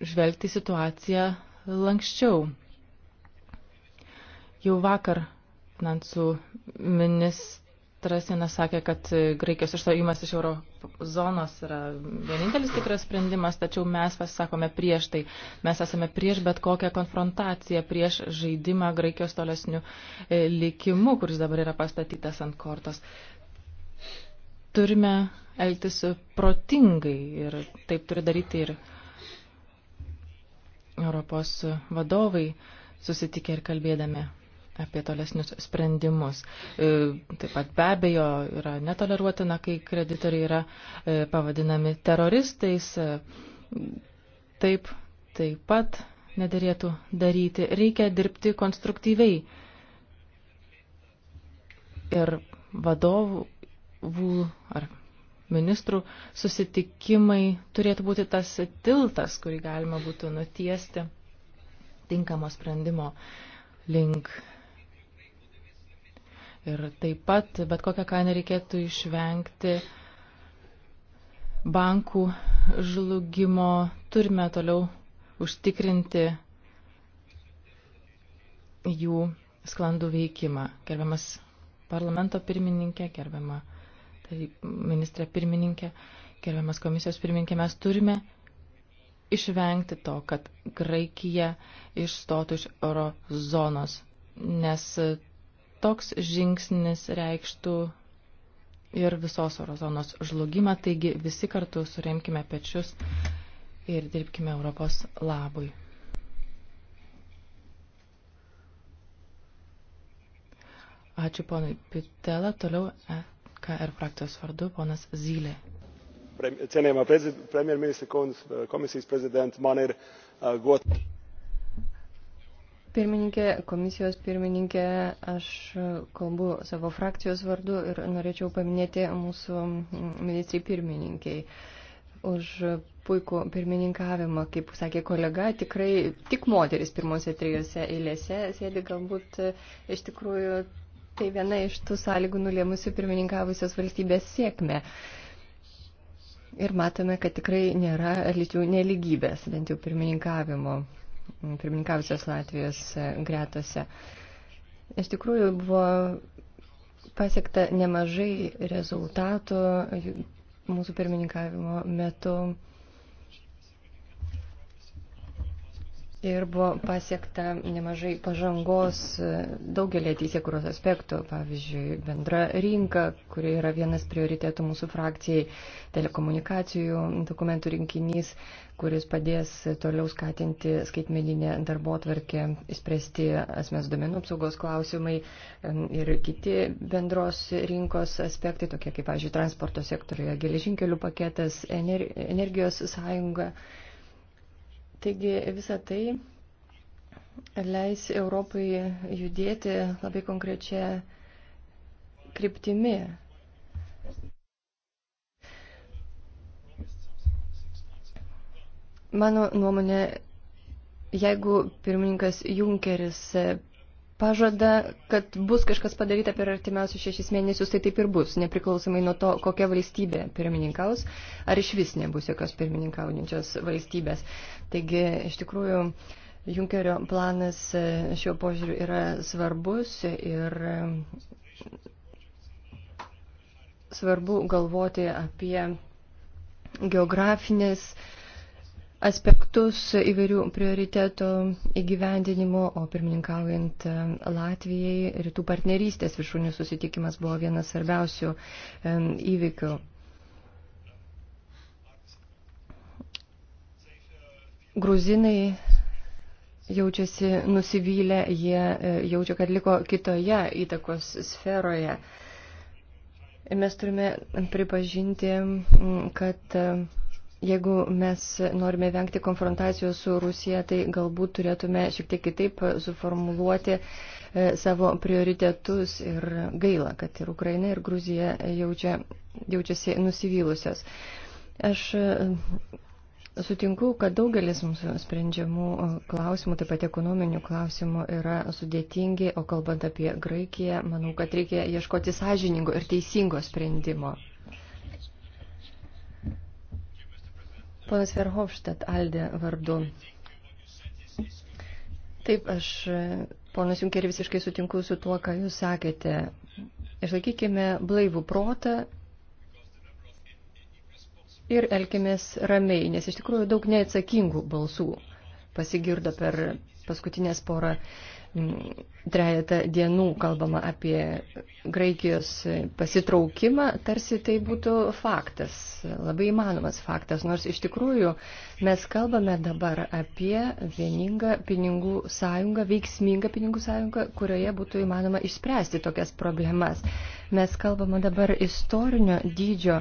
žvelgti situaciją lankščiau. Jau vakar finansų ministras vienas sakė, kad Graikijos išstojimas iš euro zonos yra vienintelis tikras sprendimas, tačiau mes pasisakome prieš tai. Mes esame prieš bet kokią konfrontaciją, prieš žaidimą Graikijos tolesnių e, likimų, kuris dabar yra pastatytas ant kortos. Turime elgtis protingai ir taip turi daryti ir Europos vadovai susitikę ir kalbėdami apie tolesnius sprendimus. E, taip pat be abejo yra netoleruotina, kai kreditoriai yra e, pavadinami teroristais. E, taip, taip pat nedėrėtų daryti. Reikia dirbti konstruktyviai. Ir vadovų ar ministrų susitikimai turėtų būti tas tiltas, kurį galima būtų nutiesti tinkamo sprendimo link Ir taip pat, bet kokią kainą reikėtų išvengti bankų žlugimo. Turime toliau užtikrinti jų sklandų veikimą. Gerbiamas parlamento pirmininkė, gerbiama tai ministrė pirmininkė, gerbiamas komisijos pirmininkė, mes turime išvengti to, kad Graikija išstotų iš euro zonos, nes Toks žingsnis reikštų ir visos eurozonos žlugimą, taigi visi kartu suremkime pečius ir dirbkime Europos labui. Ačiū ponui Pitela, toliau e KR frakcijos vardu ponas Zylė. Cienėjama premjer ministra komisijas prezident, man ir uh, e, gotas. Pirmininkė, komisijos pirmininkė, aš kalbu savo frakcijos vardu ir norėčiau paminėti mūsų ministrai pirmininkiai už puikų pirmininkavimą. Kaip sakė kolega, tikrai tik moteris pirmose trijose eilėse sėdi galbūt iš tikrųjų tai viena iš tų sąlygų nulėmusių pirmininkavusios valstybės sėkmę. Ir matome, kad tikrai nėra lyčių neligybės, bent jau pirmininkavimo pirmininkavusios Latvijos e, gretose. Iš tikrųjų buvo pasiekta nemažai rezultatų mūsų pirmininkavimo metu. Ir buvo pasiekta nemažai pažangos e, daugelį teisėkuros aspektų, pavyzdžiui, bendra rinka, kuri yra vienas prioritėtų mūsų frakcijai, telekomunikacijų dokumentų rinkinys, kuris padės toliau skatinti skaitmeninę darbo atvarkę, spręsti asmens domenų apsaugos klausimai e, ir kiti bendros rinkos aspektai, tokie kaip, pavyzdžiui, transporto sektorioje geležinkelių paketas, energijos sąjunga Taigi visą tai leis Europai judėti labai konkrečia kryptimi. Mano nuomonė, jeigu pirmininkas Junkeris pažada, kad bus kažkas padaryta per artimiausius šešis mėnesius, tai taip ir bus, nepriklausomai nuo to, kokia valstybė pirmininkaus, ar iš vis nebus jokios pirmininkaujančios valstybės. Taigi, iš tikrųjų, Junkerio planas e, šiuo požiūriu yra svarbus ir e, svarbu galvoti apie geografinės, uh, aspektus įvairių prioritetų įgyvendinimo, o pirmininkaujant e, Latvijai, rytų partnerystės viršūnių susitikimas buvo vienas svarbiausių e, įvykių. Gruzinai jaučiasi nusivylę, jie e, jaučia, kad liko kitoje įtakos sferoje. Mes turime pripažinti, kad Jeigu mes norime vengti konfrontacijos su Rusija, tai galbūt turėtume šiek tiek kitaip suformuluoti e, savo prioritetus ir gaila, kad ir Ukraina, ir Gruzija jaučia, jaučiasi nusivylusios. Aš e, Sutinku, kad daugelis mūsų sprendžiamų e, klausimų, taip pat ekonominių klausimų, yra sudėtingi, o kalbant apie Graikiją, manau, kad reikia ieškoti sąžiningo ir teisingo sprendimo. Ponas Verhofstadt Aldė vardu. Taip, aš, ponas Junkeri, visiškai sutinku su tuo, ką jūs sakėte. Išlaikykime blaivų protą ir elkimės ramiai, nes iš tikrųjų daug neatsakingų balsų pasigirdo per paskutinės porą trejata dienų kalbama apie Graikijos pasitraukimą, tarsi tai būtų faktas, labai įmanomas faktas, nors iš tikrųjų mes kalbame dabar apie vieningą pinigų sąjungą, veiksmingą pinigų sąjungą, kurioje būtų įmanoma išspręsti tokias problemas. Mes kalbame dabar istorinio dydžio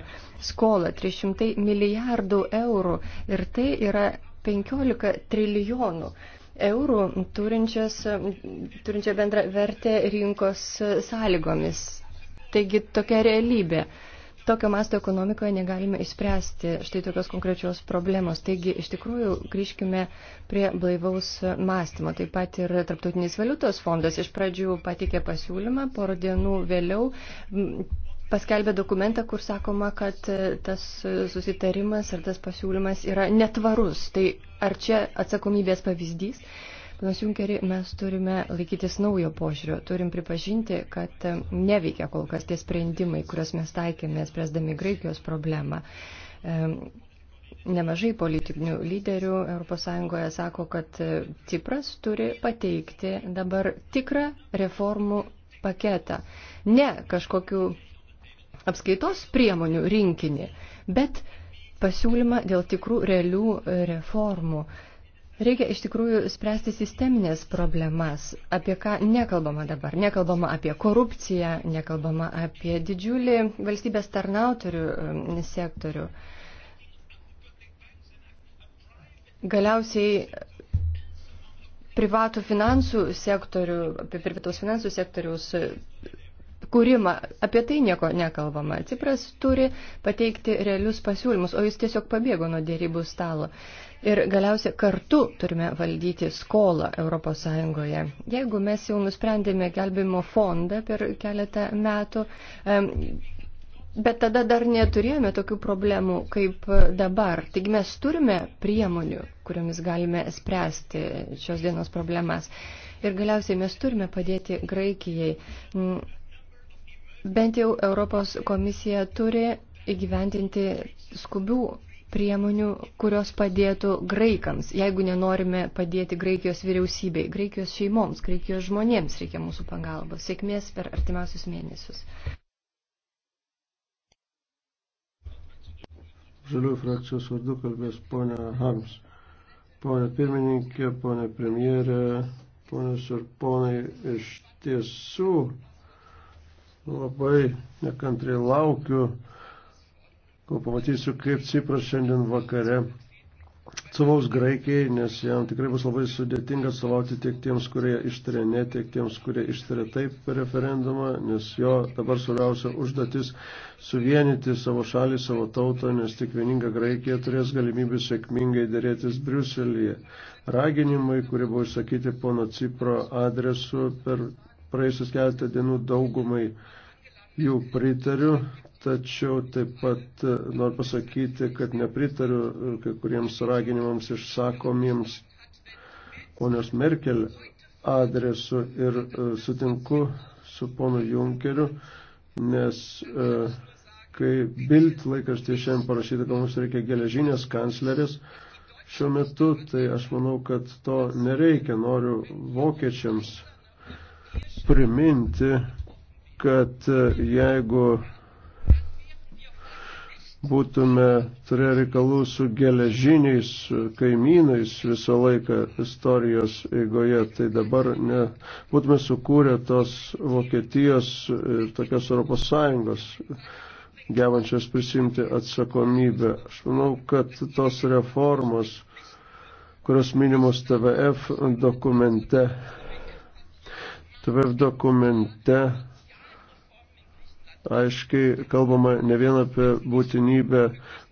skolą 300 milijardų eurų ir tai yra 15 trilijonų eurų turinčią bendrą vertę rinkos sąlygomis. Taigi tokia realybė. Tokio masto ekonomikoje negalime išspręsti štai tokios konkrečios problemos. Taigi, iš tikrųjų, grįžkime prie blaivaus mąstymo. Taip pat ir Tarptautinis valiutos fondas iš pradžių patikė pasiūlymą, porą dienų vėliau paskelbė dokumentą, kur sakoma, kad e, tas e, susitarimas ar tas pasiūlymas yra netvarus. Tai ar čia atsakomybės pavyzdys? Panas Junkeri, mes turime laikytis naujo požiūrio, turim pripažinti, kad e, neveikia kol kas tie sprendimai, kuriuos mes taikėme, spręsdami Graikijos problemą. Nemažai politinių lyderių ES sako, kad Cipras turi pateikti dabar tikrą reformų paketą. Ne kažkokiu apskaitos priemonių rinkinį, bet pasiūlymą dėl tikrų realių e, reformų. Reikia iš tikrųjų spręsti sisteminės problemas, apie ką nekalbama dabar. Nekalbama apie korupciją, nekalbama apie didžiulį valstybės tarnautorių e, sektorių. Galiausiai privatų finansų sektorių, apie privatos finansų sektoriaus kūrimą. Apie tai nieko nekalbama. Cipras turi pateikti realius pasiūlymus, o jis tiesiog pabėgo nuo dėrybų stalo. Ir galiausiai kartu turime valdyti skolą ES. Jeigu mes jau nusprendėme gelbimo fondą per keletą metų, bet tada dar neturėjome tokių problemų kaip dabar. Taigi mes turime priemonių, kuriomis galime spręsti šios dienos problemas. Ir galiausiai mes turime padėti Graikijai Bent jau Europos komisija turi įgyvendinti skubių priemonių, kurios padėtų graikams, jeigu nenorime padėti Graikijos vyriausybei, Graikijos šeimoms, Graikijos žmonėms reikia mūsų pagalbos. Sėkmės per artimiausius mėnesius. Žaliųjų frakcijos vardu kalbės ponia Hams. Ponia pirmininkė, ponia premjerė, ponios ir ponai, iš tiesų labai nekantriai laukiu, kol pamatysiu, kaip Cipras šiandien vakare atsovaus Graikijai, nes jam tikrai bus labai sudėtinga atsovauti tiek tiems, kurie ištarė ne, tiek tiems, kurie ištarė taip per referendumą, nes jo dabar svarbiausia užduotis suvienyti savo šalį, savo tautą, nes tik vieninga Graikija turės galimybę sėkmingai dėrėtis Briuselėje. Raginimai, kurie buvo išsakyti pono Cipro adresu per praėjusius keletą dienų daugumai jų pritariu, tačiau taip pat e, noriu pasakyti, kad nepritariu e, kai kuriems raginimams išsakomiems ponios Merkel adresu ir e, sutinku su ponu Junkeriu, nes kai Bild laikraštė šiandien parašyta, kad mums reikia geležinės kanclerės, šiuo metu, tai aš manau, kad to nereikia, noriu vokiečiams priminti, kad e, jeigu būtume turėję reikalų su geležiniais kaimynais visą laiką istorijos eigoje, tai dabar ne, būtume sukūrę tos Vokietijos ir tokios Europos Sąjungos gebančios prisimti atsakomybę. Aš manau, kad tos reformos, kurios minimos TVF dokumente, TVF dokumente aiškiai kalbama ne vien apie būtinybę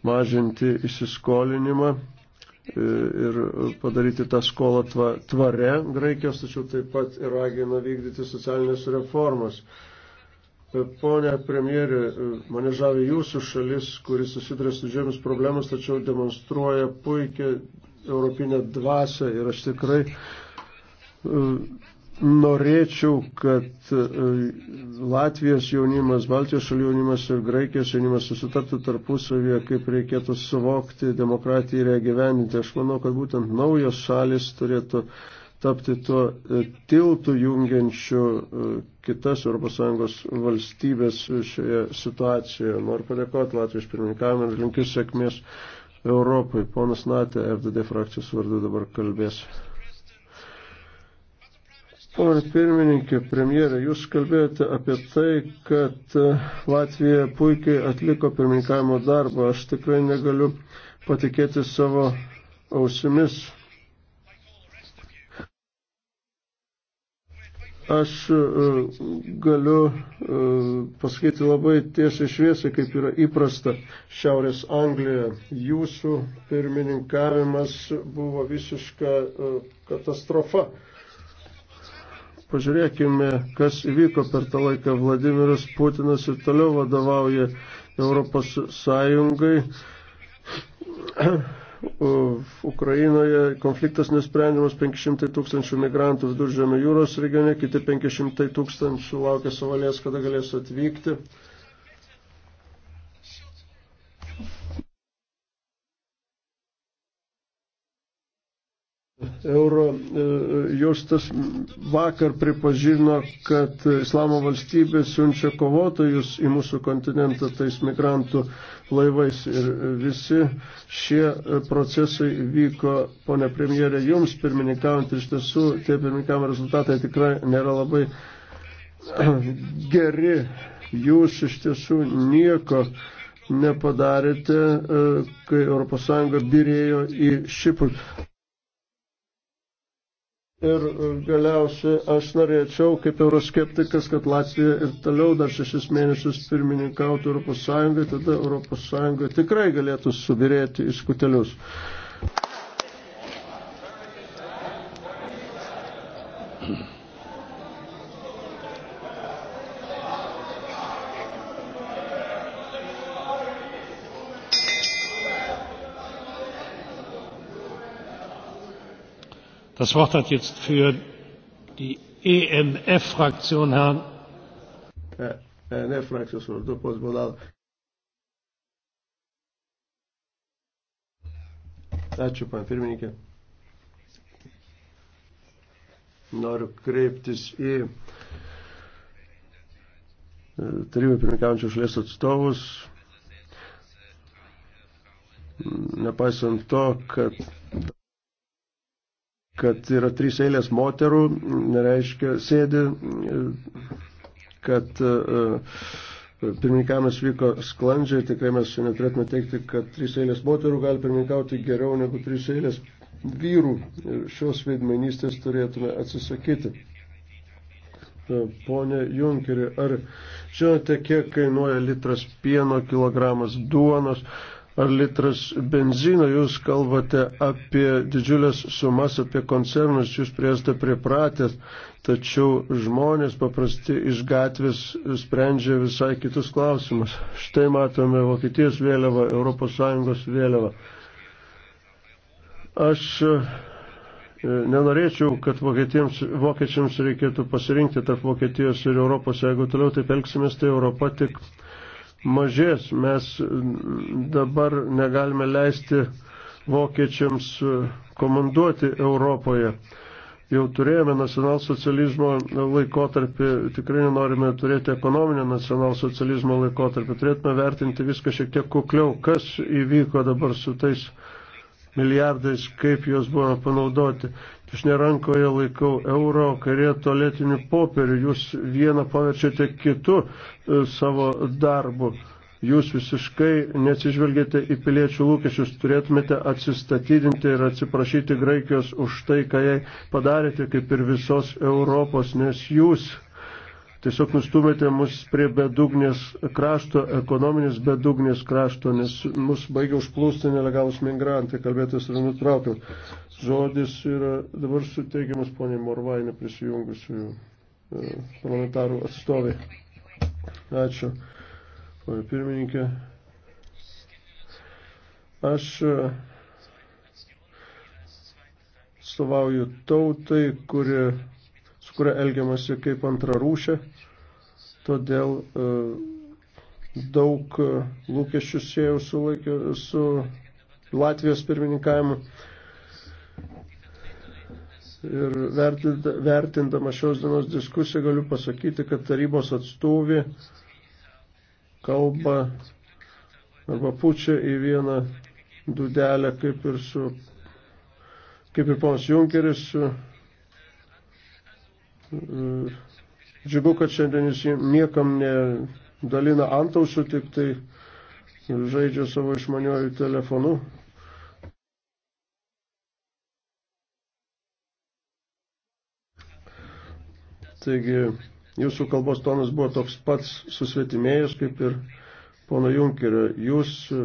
mažinti įsiskolinimą e, ir padaryti tą skolą tvare Graikijos, tačiau taip pat ir ragina vykdyti socialinės reformas. E, pone premjerė, e, mane žavi jūsų šalis, kuris susiduria su žemės problemas, tačiau demonstruoja puikią europinę dvasę ir aš tikrai norėčiau, kad e, Latvijos jaunimas, Baltijos šalių jaunimas ir Graikijos jaunimas susitartų tarpusavyje, kaip reikėtų suvokti demokratiją ir ją gyveninti. Aš manau, kad būtent naujos šalis turėtų tapti tuo e, tiltų jungiančiu e, kitas ES valstybės šioje situacijoje. Noriu padėkoti Latvijos pirmininkavimą ir linkiu sėkmės Europai. Ponas Natė, FDD frakcijos vardu dabar kalbės. Pane pirmininkė, premjerė, jūs kalbėjote apie tai, kad e, Latvija puikiai atliko pirmininkavimo darbą. Aš tikrai negaliu patikėti savo ausimis. Aš e, galiu e, pasakyti labai tiesiai šviesiai, kaip yra įprasta Šiaurės Anglijoje. Jūsų pirmininkavimas buvo visiška katastrofa Pažiūrėkime, kas įvyko per tą laiką. Vladimiras Putinas ir toliau vadovauja Europos Sąjungai. Ukrainoje konfliktas nesprendimas 500 tūkstančių migrantų viduržėmio jūros regione, kiti 500 tūkstančių laukia savalės, kada galės atvykti. euro e, justas vakar pripažino, kad Islamo valstybė siunčia kovotojus į mūsų kontinentą tais migrantų laivais. Ir visi šie procesai vyko, ponė premjerė, jums pirmininkaujant, iš tiesų tie pirmininkavimo rezultatai tikrai nėra labai geri. Jūs iš tiesų nieko nepadarėte, e, kai ES birėjo į Šipus. Ir e, galiausiai aš norėčiau, kaip euroskeptikas, kad Latvija ir toliau dar šešis mėnesius pirmininkautų Europos Sąjungai, tada Europos Sąjunga tikrai galėtų subirėti iš kutelius. Mm-hmm. Das Wort hat jetzt für die ENF Fraktion Herrn ENF Fraktion vardu Pozbolal. Ačiū, pan pirmininkė. Noriu kreiptis į e, tarybai pirmininkaujančios šalies atstovus. Nepaisant to, kad kad yra trys eilės moterų, nereiškia sėdi, kad e, pirmininkavimas vyko sklandžiai, tikrai mes neturėtume teikti, kad trys eilės moterų gali pirmininkauti geriau negu trys eilės vyrų. Šios veidmainystės turėtume atsisakyti. E, pone Junkeri, ar žinote, kiek kainuoja litras pieno, kilogramas duonos? ar litras benzino, jūs kalbate apie didžiulės sumas, apie koncernus, jūs priestate pripratęs, tačiau žmonės paprasti iš gatvės sprendžia visai kitus klausimus. Štai matome Vokietijos vėliavą, ES vėliavą. Aš e, Nenorėčiau, kad vokiečiams reikėtų pasirinkti tarp Vokietijos ir Europos. Jeigu toliau taip elgsimės, tai Europa tik mažės. Mes dabar negalime leisti vokiečiams komanduoti Europoje. Jau turėjome nacionalsocializmo laikotarpį, tikrai nenorime turėti ekonominio nacionalsocializmo laikotarpį, turėtume vertinti viską šiek tiek kukliau, kas įvyko dabar su tais milijardais, kaip juos buvo panaudoti. Dešinė rankoje laikau euro, kairėje toletinių popierių. Jūs vieną paverčiate kitu e, savo darbu. Jūs visiškai neatsižvelgėte į piliečių lūkesčius, turėtumėte atsistatydinti ir atsiprašyti Graikijos už tai, ką jai padarėte, kaip ir visos Europos, nes jūs tiesiog nustumėte mus prie bedugnės krašto, ekonominės bedugnės krašto, nes mus baigia užplūsti nelegalus migrantai, kalbėtas yra nutraukiam. Žodis yra dabar suteikiamas poniai Morvainė prisijungusių e, parlamentarų atstovai. Ačiū, ponia pirmininkė. Aš e, atstovauju tautai, kuri su kuria elgiamasi kaip antrarūšė. Todėl e, daug e, lūkesčių siejau su, laikio, su Latvijos pirmininkavimu. Ir vertindama šios dienos diskusiją galiu pasakyti, kad tarybos atstovė kalba arba pučia į vieną dudelę, kaip ir, su, kaip ir ponas Junkeris, Mm. Džiugu, kad šiandien jis niekam nedalina antausių, tik tai žaidžia savo išmaniojų telefonu. Taigi jūsų kalbos tonas buvo toks pats susvetimėjęs kaip ir pono Junkerio. Jūs e,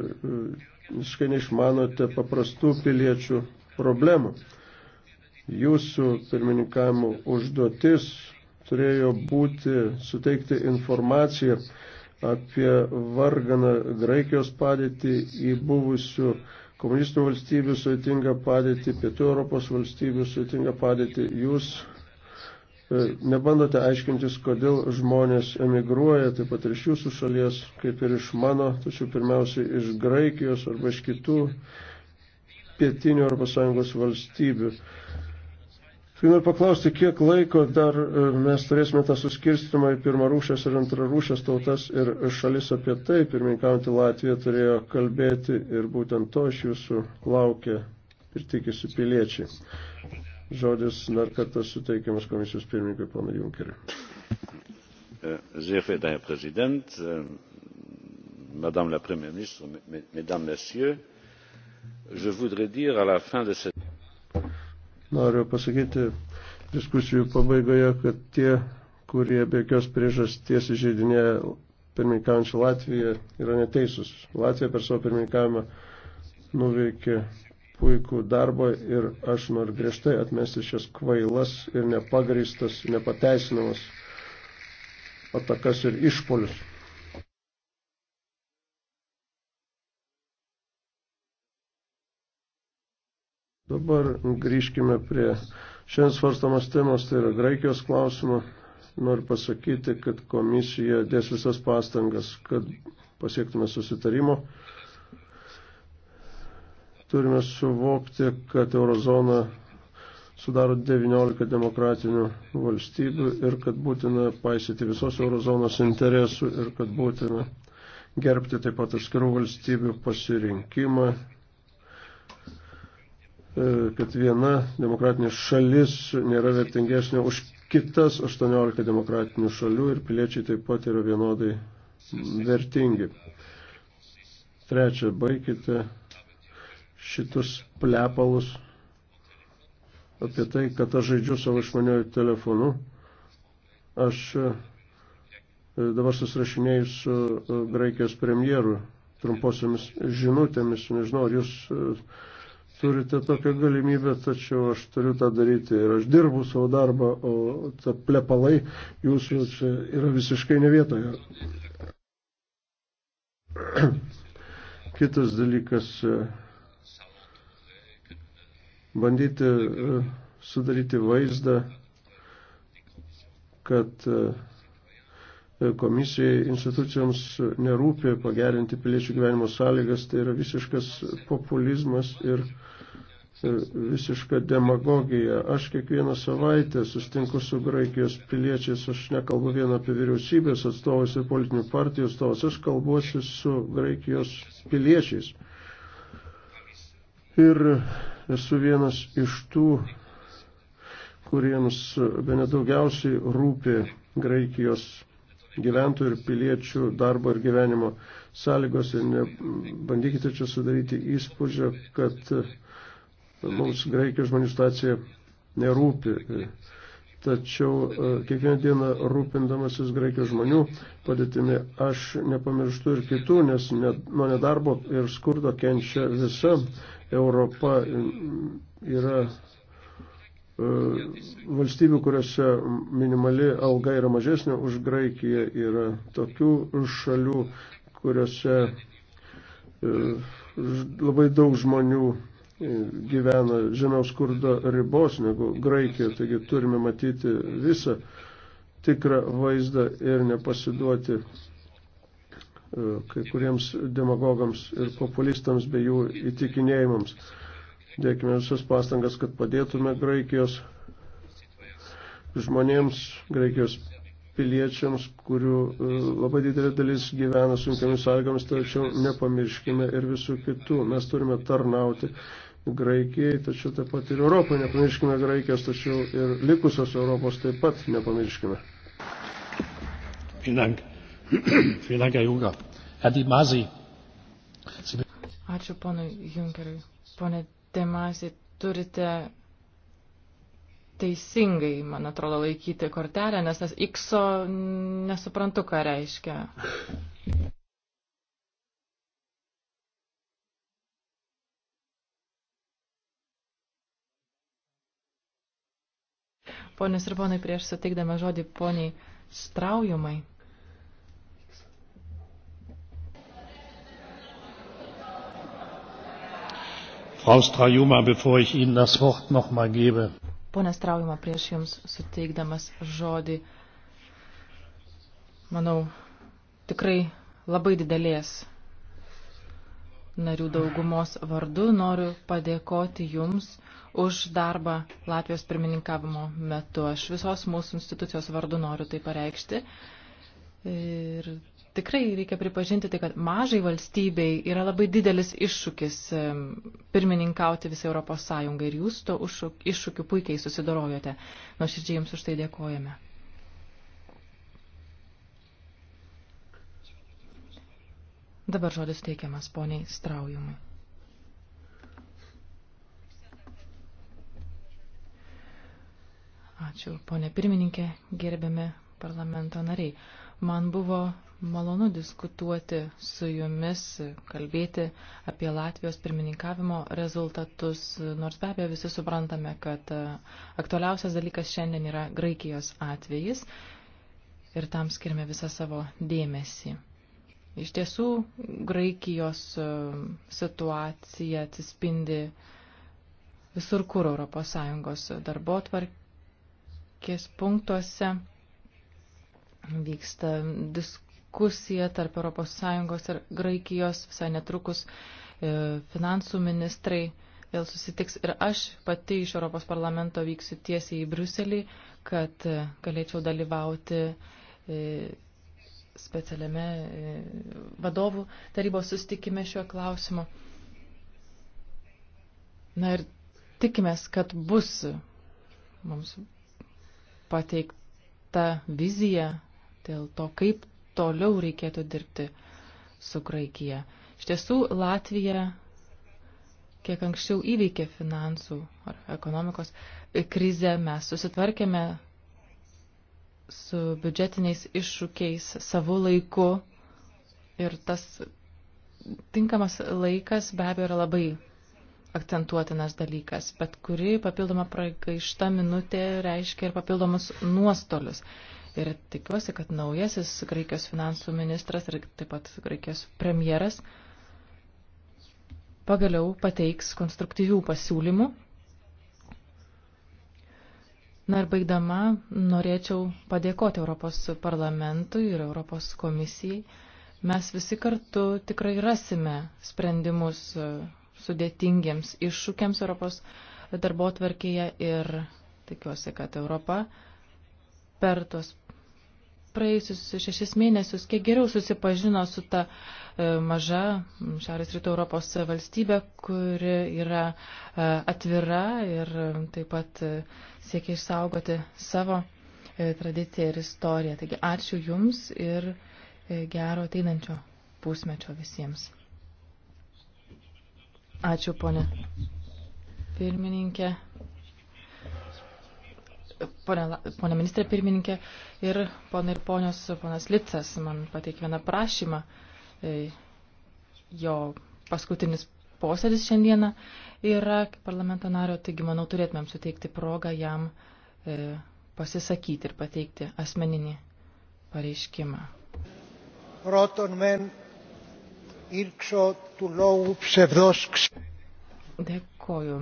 visiškai neišmanote paprastų piliečių problemų. Jūsų pirmininkavimo užduotis turėjo būti suteikti informaciją apie varganą Graikijos padėtį į buvusių komunistų valstybių sudėtingą padėtį, pietų Europos valstybių sudėtingą padėtį. Jūs e, nebandote aiškintis, kodėl žmonės emigruoja, taip pat ir iš jūsų šalies, kaip ir iš mano, tačiau pirmiausiai iš Graikijos arba iš kitų pietinių Europos Sąjungos valstybių. Kai noriu paklausti, kiek laiko dar e, mes turėsime tą suskirstimą į pirmarūšės ir antrarūšės tautas ir šalis apie tai, pirmininkaujantį Latviją turėjo kalbėti ir būtent to iš jūsų laukia ir tikisi piliečiai. Žodis dar kartą suteikiamas komisijos pirmininkui, pana Junkeriu. E, e, Madame la Première ministre, Mesdames, Messieurs, je voudrais dire à la fin de cette. Noriu pasakyti diskusijų pabaigoje, kad tie, kurie be jokios priežasties įžeidinėja pirmininkaujančią Latviją, yra neteisus. Latvija per savo pirmininkavimą nuveikė puikų darbą ir aš noriu griežtai atmesti šias kvailas ir nepagristas, nepateisinamas atakas ir išpolius. Dabar grįžkime prie šiandien svarstamos temos, tai yra Graikijos klausimo. Noriu pasakyti, kad komisija dės visas pastangas, kad pasiektume susitarimo. Turime suvokti, kad eurozona sudaro 19 demokratinių valstybių ir kad būtina paisyti visos eurozonos interesų ir kad būtina gerbti taip pat atskirų valstybių pasirinkimą E, kad viena demokratinė šalis nėra vertingesnė už kitas 18 demokratinių šalių ir piliečiai taip pat yra vienodai vertingi. Trečia, baikite šitus plepalus apie tai, kad aš žaidžiu savo išmaniojų telefonu. Aš e, dabar susirašinėjau su e, Graikijos premjeru trumposiomis žinutėmis, nežinau, ar jūs turite tokią galimybę, tačiau aš turiu tą daryti ir aš dirbu savo darbą, o ta plepalai jūsų čia yra visiškai ne vietoje. Kitas dalykas, e, bandyti e, sudaryti vaizdą, kad uh, komisijai institucijoms nerūpi pagerinti piliečių gyvenimo sąlygas, tai yra visiškas populizmas ir e, visiška demagogija. Aš kiekvieną savaitę sustinku su Graikijos piliečiais, aš nekalbu vien apie vyriausybės atstovus ir politinių partijų atstovus, aš kalbuosi su Graikijos piliečiais. Ir esu vienas iš tų, kuriems be nedaugiausiai rūpi Graikijos gyventojų ir piliečių darbo ir gyvenimo sąlygos ir nebandykite čia sudaryti įspūdžio, kad mums greikio žmonių situacija nerūpi. Tačiau e, kiekvieną dieną rūpindamasis greikio žmonių padėtimi aš nepamirštu ir kitų, nes nuo nedarbo ir skurdo kenčia visa Europa. Yra E, valstybių, kuriuose minimali alga yra mažesnė už Graikiją, yra tokių šalių, kuriuose e, labai daug žmonių e, gyvena žemiaus skurdo ribos negu Graikija, taigi turime matyti visą tikrą vaizdą ir nepasiduoti kai kuriems demagogams ir populistams bei jų įtikinėjimams. Dėkime visas pastangas, kad padėtume Graikijos žmonėms, Graikijos piliečiams, kurių e, labai didelė dalis gyvena sunkiamis sąlygomis, tačiau nepamirškime ir visų kitų. Mes turime tarnauti Graikijai, tačiau taip pat ir Europai nepamirškime Graikijos, tačiau ir likusios Europos taip pat nepamirškime. Ačiū ponui Junkeriui. Pone temas turite teisingai, man atrodo, laikyti kortelę, nes tas X nesuprantu, ką reiškia. Ponius ir ponai, prieš suteikdama žodį poniai straujumai. Frau Strajuma, bevor ich Ihnen das Wort noch mal gebe. Pone Straujuma, prieš Jums suteikdamas žodį, manau, tikrai labai didelės narių daugumos vardu noriu padėkoti Jums už darbą Latvijos pirmininkavimo metu. Aš visos mūsų institucijos vardu noriu tai pareikšti. Ir tikrai reikia pripažinti tai, kad mažai valstybei yra labai didelis iššūkis pirmininkauti visai Europos Sąjungai ir jūs to iššūkiu puikiai susidorojote. Nuoširdžiai jums už tai dėkojame. Dabar žodis teikiamas poniai Straujumui. Ačiū, ponė pirmininkė, gerbiami parlamento nariai. Man buvo malonu diskutuoti su jumis, kalbėti apie Latvijos pirmininkavimo rezultatus, nors be abejo visi suprantame, kad e, aktualiausias dalykas šiandien yra Graikijos atvejis ir tam skirime visą savo dėmesį. Iš tiesų, Graikijos e, situacija atsispindi visur kur ES darbo tvarkės punktuose vyksta diskusijos diskusija tarp ES ir Graikijos visai netrukus e, finansų ministrai vėl susitiks ir aš pati iš Europos parlamento vyksiu tiesiai į Bruselį, kad e, galėčiau dalyvauti e, specialiame vadovų tarybos sustikime šiuo klausimu. Na ir tikimės, kad bus mums pateikta vizija dėl to, kaip toliau reikėtų dirbti su Graikija. Iš tiesų, Latvija kiek anksčiau įveikė finansų ar ekonomikos krizę, mes susitvarkėme su biudžetiniais iššūkiais savo laiku ir tas tinkamas laikas be abejo yra labai akcentuotinas dalykas, bet kuri papildoma pragaišta minutė reiškia ir papildomus nuostolius. Ir tikiuosi, kad naujasis Graikijos finansų ministras ir taip pat Graikijos premjeras pagaliau pateiks konstruktyvių pasiūlymų. Na ir baigdama, norėčiau padėkoti Europos parlamentui ir Europos komisijai. Mes visi kartu tikrai rasime sprendimus e, sudėtingiems iššūkiams Europos darbo tvarkėje ir tikiuosi, kad Europa per tuos praėjusius šešis mėnesius kiek geriau susipažino su ta e, maža Šiaurės Rytų Europos valstybė, kuri yra e, atvira ir taip pat e, siekia išsaugoti savo tradiciją ir istoriją. Taigi ačiū Jums ir gero ateinančio pusmečio visiems. Ačiū, ponė pirmininkė ponė, ponė ministrė pirmininkė ir ponai ir ponios, ponas Licas man pateikė vieną prašymą. E, jo paskutinis posėdis šiandieną yra parlamento nario, taigi manau turėtumėm suteikti progą jam e, pasisakyti ir pateikti asmeninį pareiškimą. Dėkoju.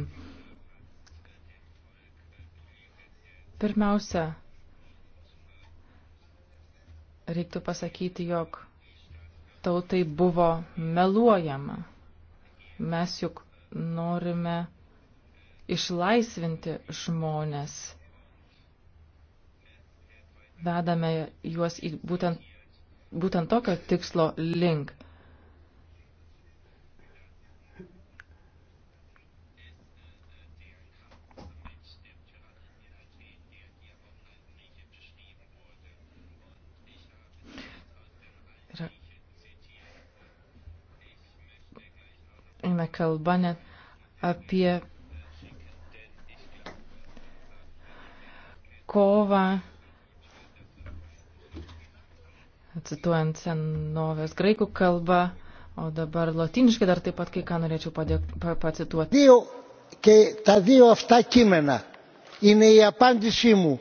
Pirmiausia, reiktų pasakyti, jog tautai buvo meluojama. Mes juk norime išlaisvinti žmonės. Vedame juos į būtent, būtent tokio tikslo link. gyvenime kalba net apie kovą, cituojant senovės graikų kalbą, o dabar latiniškai dar taip pat kai ką norėčiau padėk, pa, pacituoti. Δύο, και τα δύο αυτά κείμενα είναι η απάντησή μου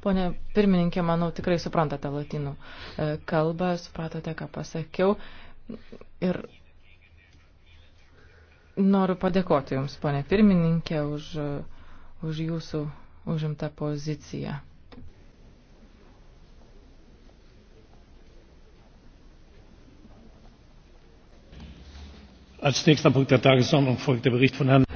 Pone pirmininkė, manau, tikrai suprantate latinų e, kalbą, supratote, ką pasakiau. Ir noriu padėkoti Jums, ponė pirmininkė, už, už Jūsų užimtą poziciją. Als nächster Punkt der Tagesordnung folgt der Bericht von Herrn